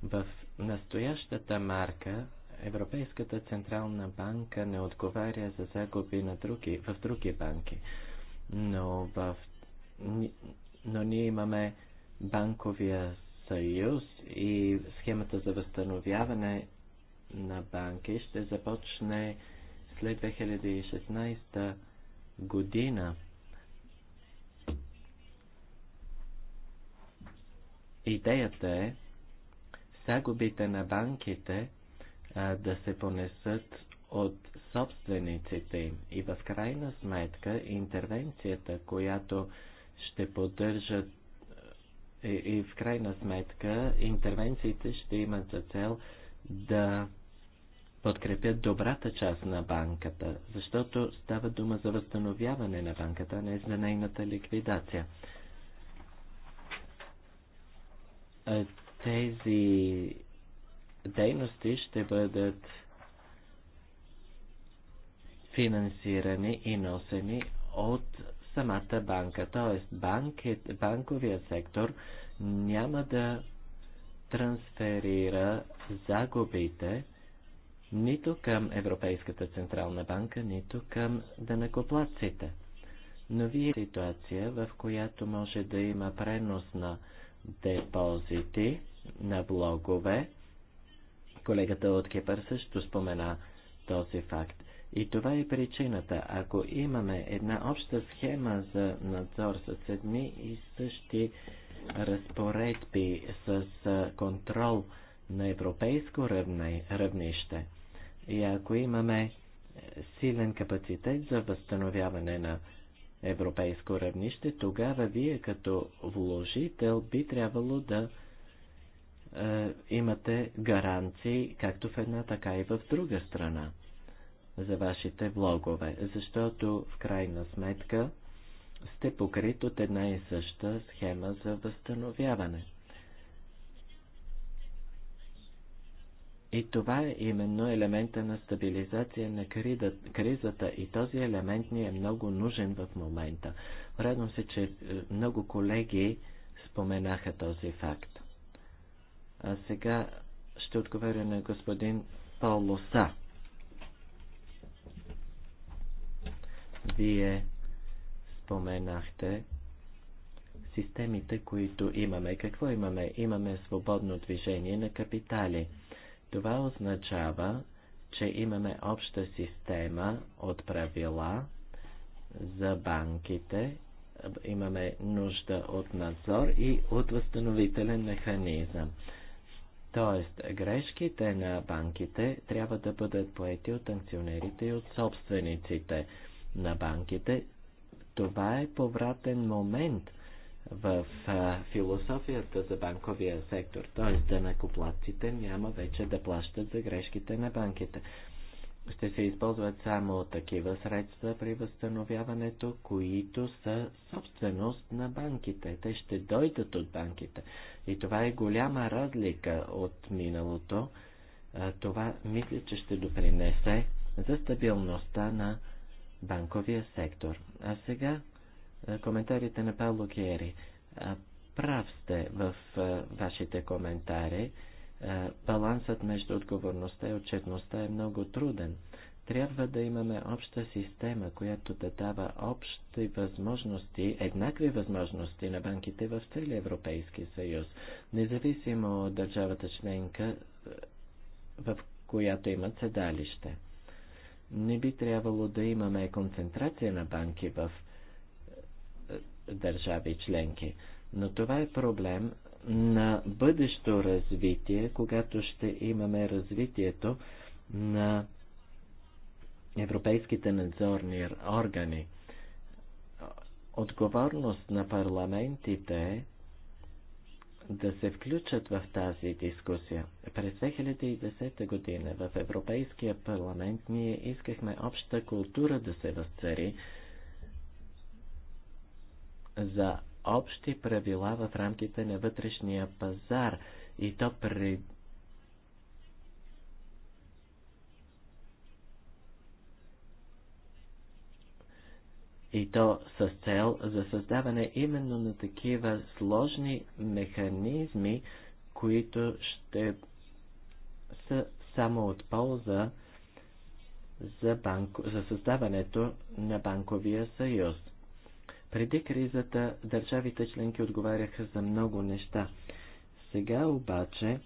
В настоящата марка Европейската Централна банка не отговаря за загуби на други, в други банки, но, в, но ние имаме банковия съюз и схемата за възстановяване на банки ще започне след 2016 година. Идеята е загубите на банките а, да се понесат от собствениците им и в крайна сметка интервенцията, която ще поддържат и, и в крайна сметка интервенциите ще имат за цел да подкрепят добрата част на банката, защото става дума за възстановяване на банката, а не за нейната ликвидация. Тези дейности ще бъдат финансирани и носени от самата банка, т.е. банковия сектор няма да трансферира загубите нито към Европейската Централна банка, нито към данъкоплатците. Но вие ситуация, в която може да има пренос на депозити, на блогове. Колегата от Кипър също спомена този факт. И това е причината. Ако имаме една обща схема за надзор с едни и същи разпоредби с контрол на европейско равнище, и ако имаме силен капацитет за възстановяване на европейско равнище, тогава вие като вложител би трябвало да е, имате гаранции както в една, така и в друга страна за вашите влогове, защото в крайна сметка сте покрит от една и съща схема за възстановяване. И това е именно елемента на стабилизация на кризата и този елемент ни е много нужен в момента. Радвам се, че е, много колеги споменаха този факт. А сега ще отговаря на господин Полоса. Вие споменахте системите, които имаме. Какво имаме? Имаме свободно движение на капитали – това означава, че имаме обща система от правила за банките, имаме нужда от надзор и от възстановителен механизъм. Тоест, грешките на банките трябва да бъдат поети от акционерите и от собствениците на банките. Това е повратен момент – в философията за банковия сектор, т.е. данакоплатците няма вече да плащат за грешките на банките. Ще се използват само такива средства при възстановяването, които са собственост на банките. Те ще дойдат от банките. И това е голяма разлика от миналото. Това мисля, че ще допринесе за стабилността на банковия сектор. А сега е, коментарите на Павло Гери. Е, прав сте в е, вашите коментари. Балансът между отговорността и отчетността е много труден. Трябва да имаме обща система, която да дава общи възможности, еднакви възможности на банките в целия Европейски съюз, независимо от държавата членка, в която имат седалище. Не би трябвало да имаме концентрация на банки в държави членки. Но това е проблем на бъдещо развитие, когато ще имаме развитието на европейските надзорни органи. Отговорност на парламентите е да се включат в тази дискусия. През 2010 година в Европейския парламент ние искахме обща култура да се възцари за общи правила в рамките на вътрешния пазар и то при и то с цел за създаване именно на такива сложни механизми, които ще са само от полза за, банко... за създаването на банковия съюз. Преди кризата държавите членки отговаряха за много неща. Сега обаче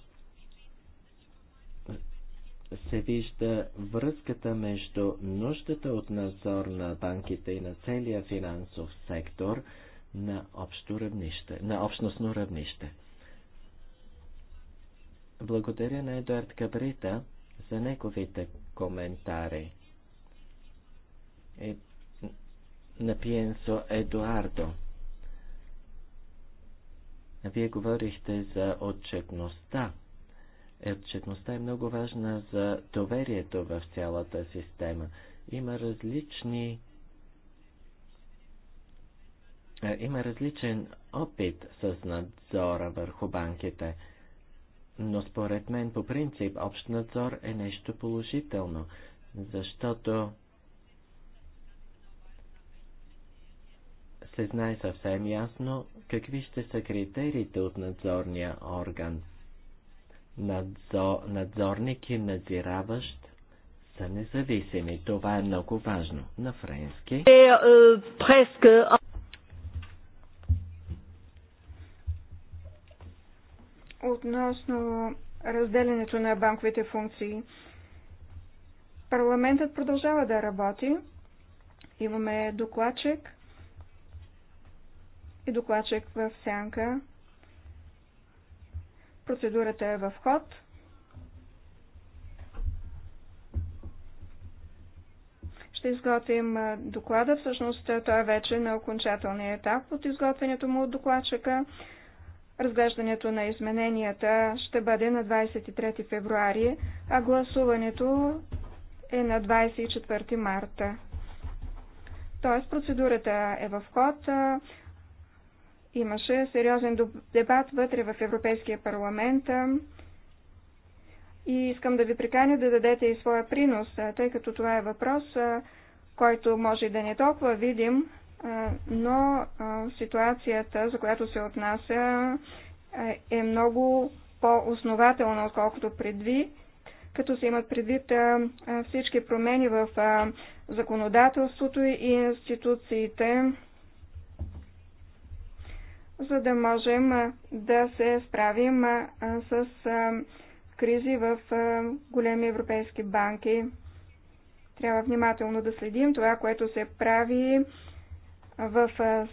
се вижда връзката между нуждата от надзор на банките и на целия финансов сектор на, общо равнище, на общностно равнище. Благодаря на Едуард Кабрита за неговите коментари. Е, на Пиенсо Едуардо. Вие говорихте за отчетността. Е, отчетността е много важна за доверието в цялата система. Има различни е, има различен опит с надзора върху банките, но според мен по принцип общ надзор е нещо положително, защото се знае съвсем ясно какви ще са критериите от надзорния орган. Надзо, надзорник и надзираващ са независими. Това е много важно. На френски. Е, е, Относно разделянето на банковите функции, парламентът продължава да работи. Имаме докладчик, и докладчик в сянка. Процедурата е в ход. Ще изготвим доклада. Всъщност той е вече на окончателния етап от изготвянето му от докладчика. Разглеждането на измененията ще бъде на 23 февруари, а гласуването е на 24 марта. Тоест процедурата е в ход. Имаше сериозен дебат вътре в Европейския парламент и искам да ви приканя да дадете и своя принос, тъй като това е въпрос, който може да не е толкова видим, но ситуацията, за която се отнася, е много по-основателна, отколкото предви, като се имат предвид всички промени в законодателството и институциите, за да можем да се справим с кризи в големи европейски банки. Трябва внимателно да следим това, което се прави в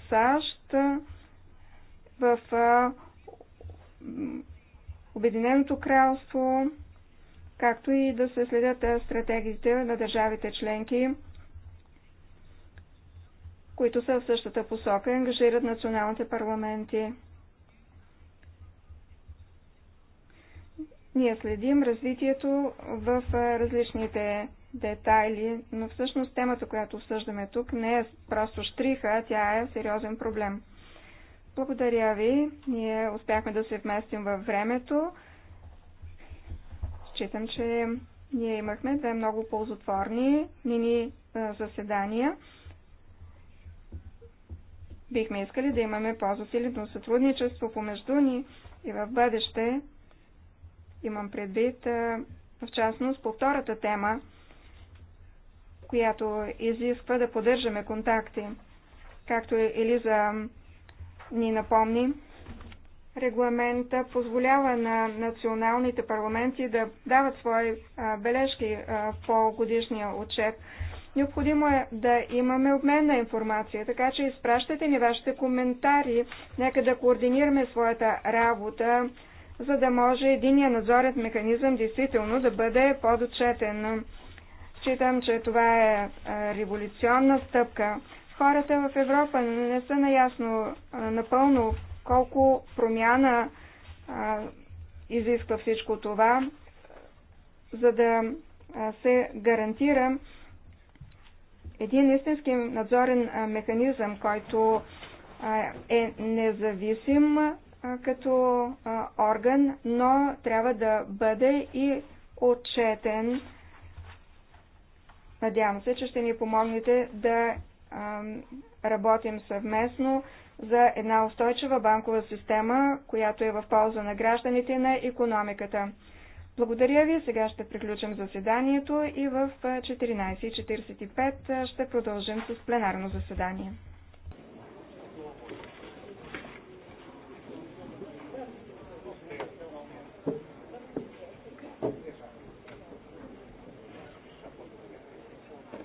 САЩ, в Обединеното кралство, както и да се следят стратегиите на държавите членки които са в същата посока и ангажират националните парламенти. Ние следим развитието в различните детайли, но всъщност темата, която обсъждаме тук, не е просто штриха, а тя е сериозен проблем. Благодаря ви. Ние успяхме да се вместим във времето. Считам, че ние имахме две много ползотворни мини заседания. Бихме искали да имаме по-засилено сътрудничество помежду ни и в бъдеще. Имам предвид, в частност, по втората тема, която изисква да поддържаме контакти. Както Елиза ни напомни, регламента позволява на националните парламенти да дават свои бележки по годишния отчет. Необходимо е да имаме обмен на информация, така че изпращате ни вашите коментари. Нека да координираме своята работа, за да може единия надзорен механизъм действително да бъде подотчетен. Считам, че това е, е революционна стъпка. Хората в Европа не са наясно е, напълно колко промяна а, е, изисква всичко това, за да се гарантира един истински надзорен механизъм, който е независим като орган, но трябва да бъде и отчетен. Надявам се, че ще ни помогнете да работим съвместно за една устойчива банкова система, която е в полза на гражданите и на економиката. Благодаря ви. Сега ще приключим заседанието и в 14.45 ще продължим с пленарно заседание.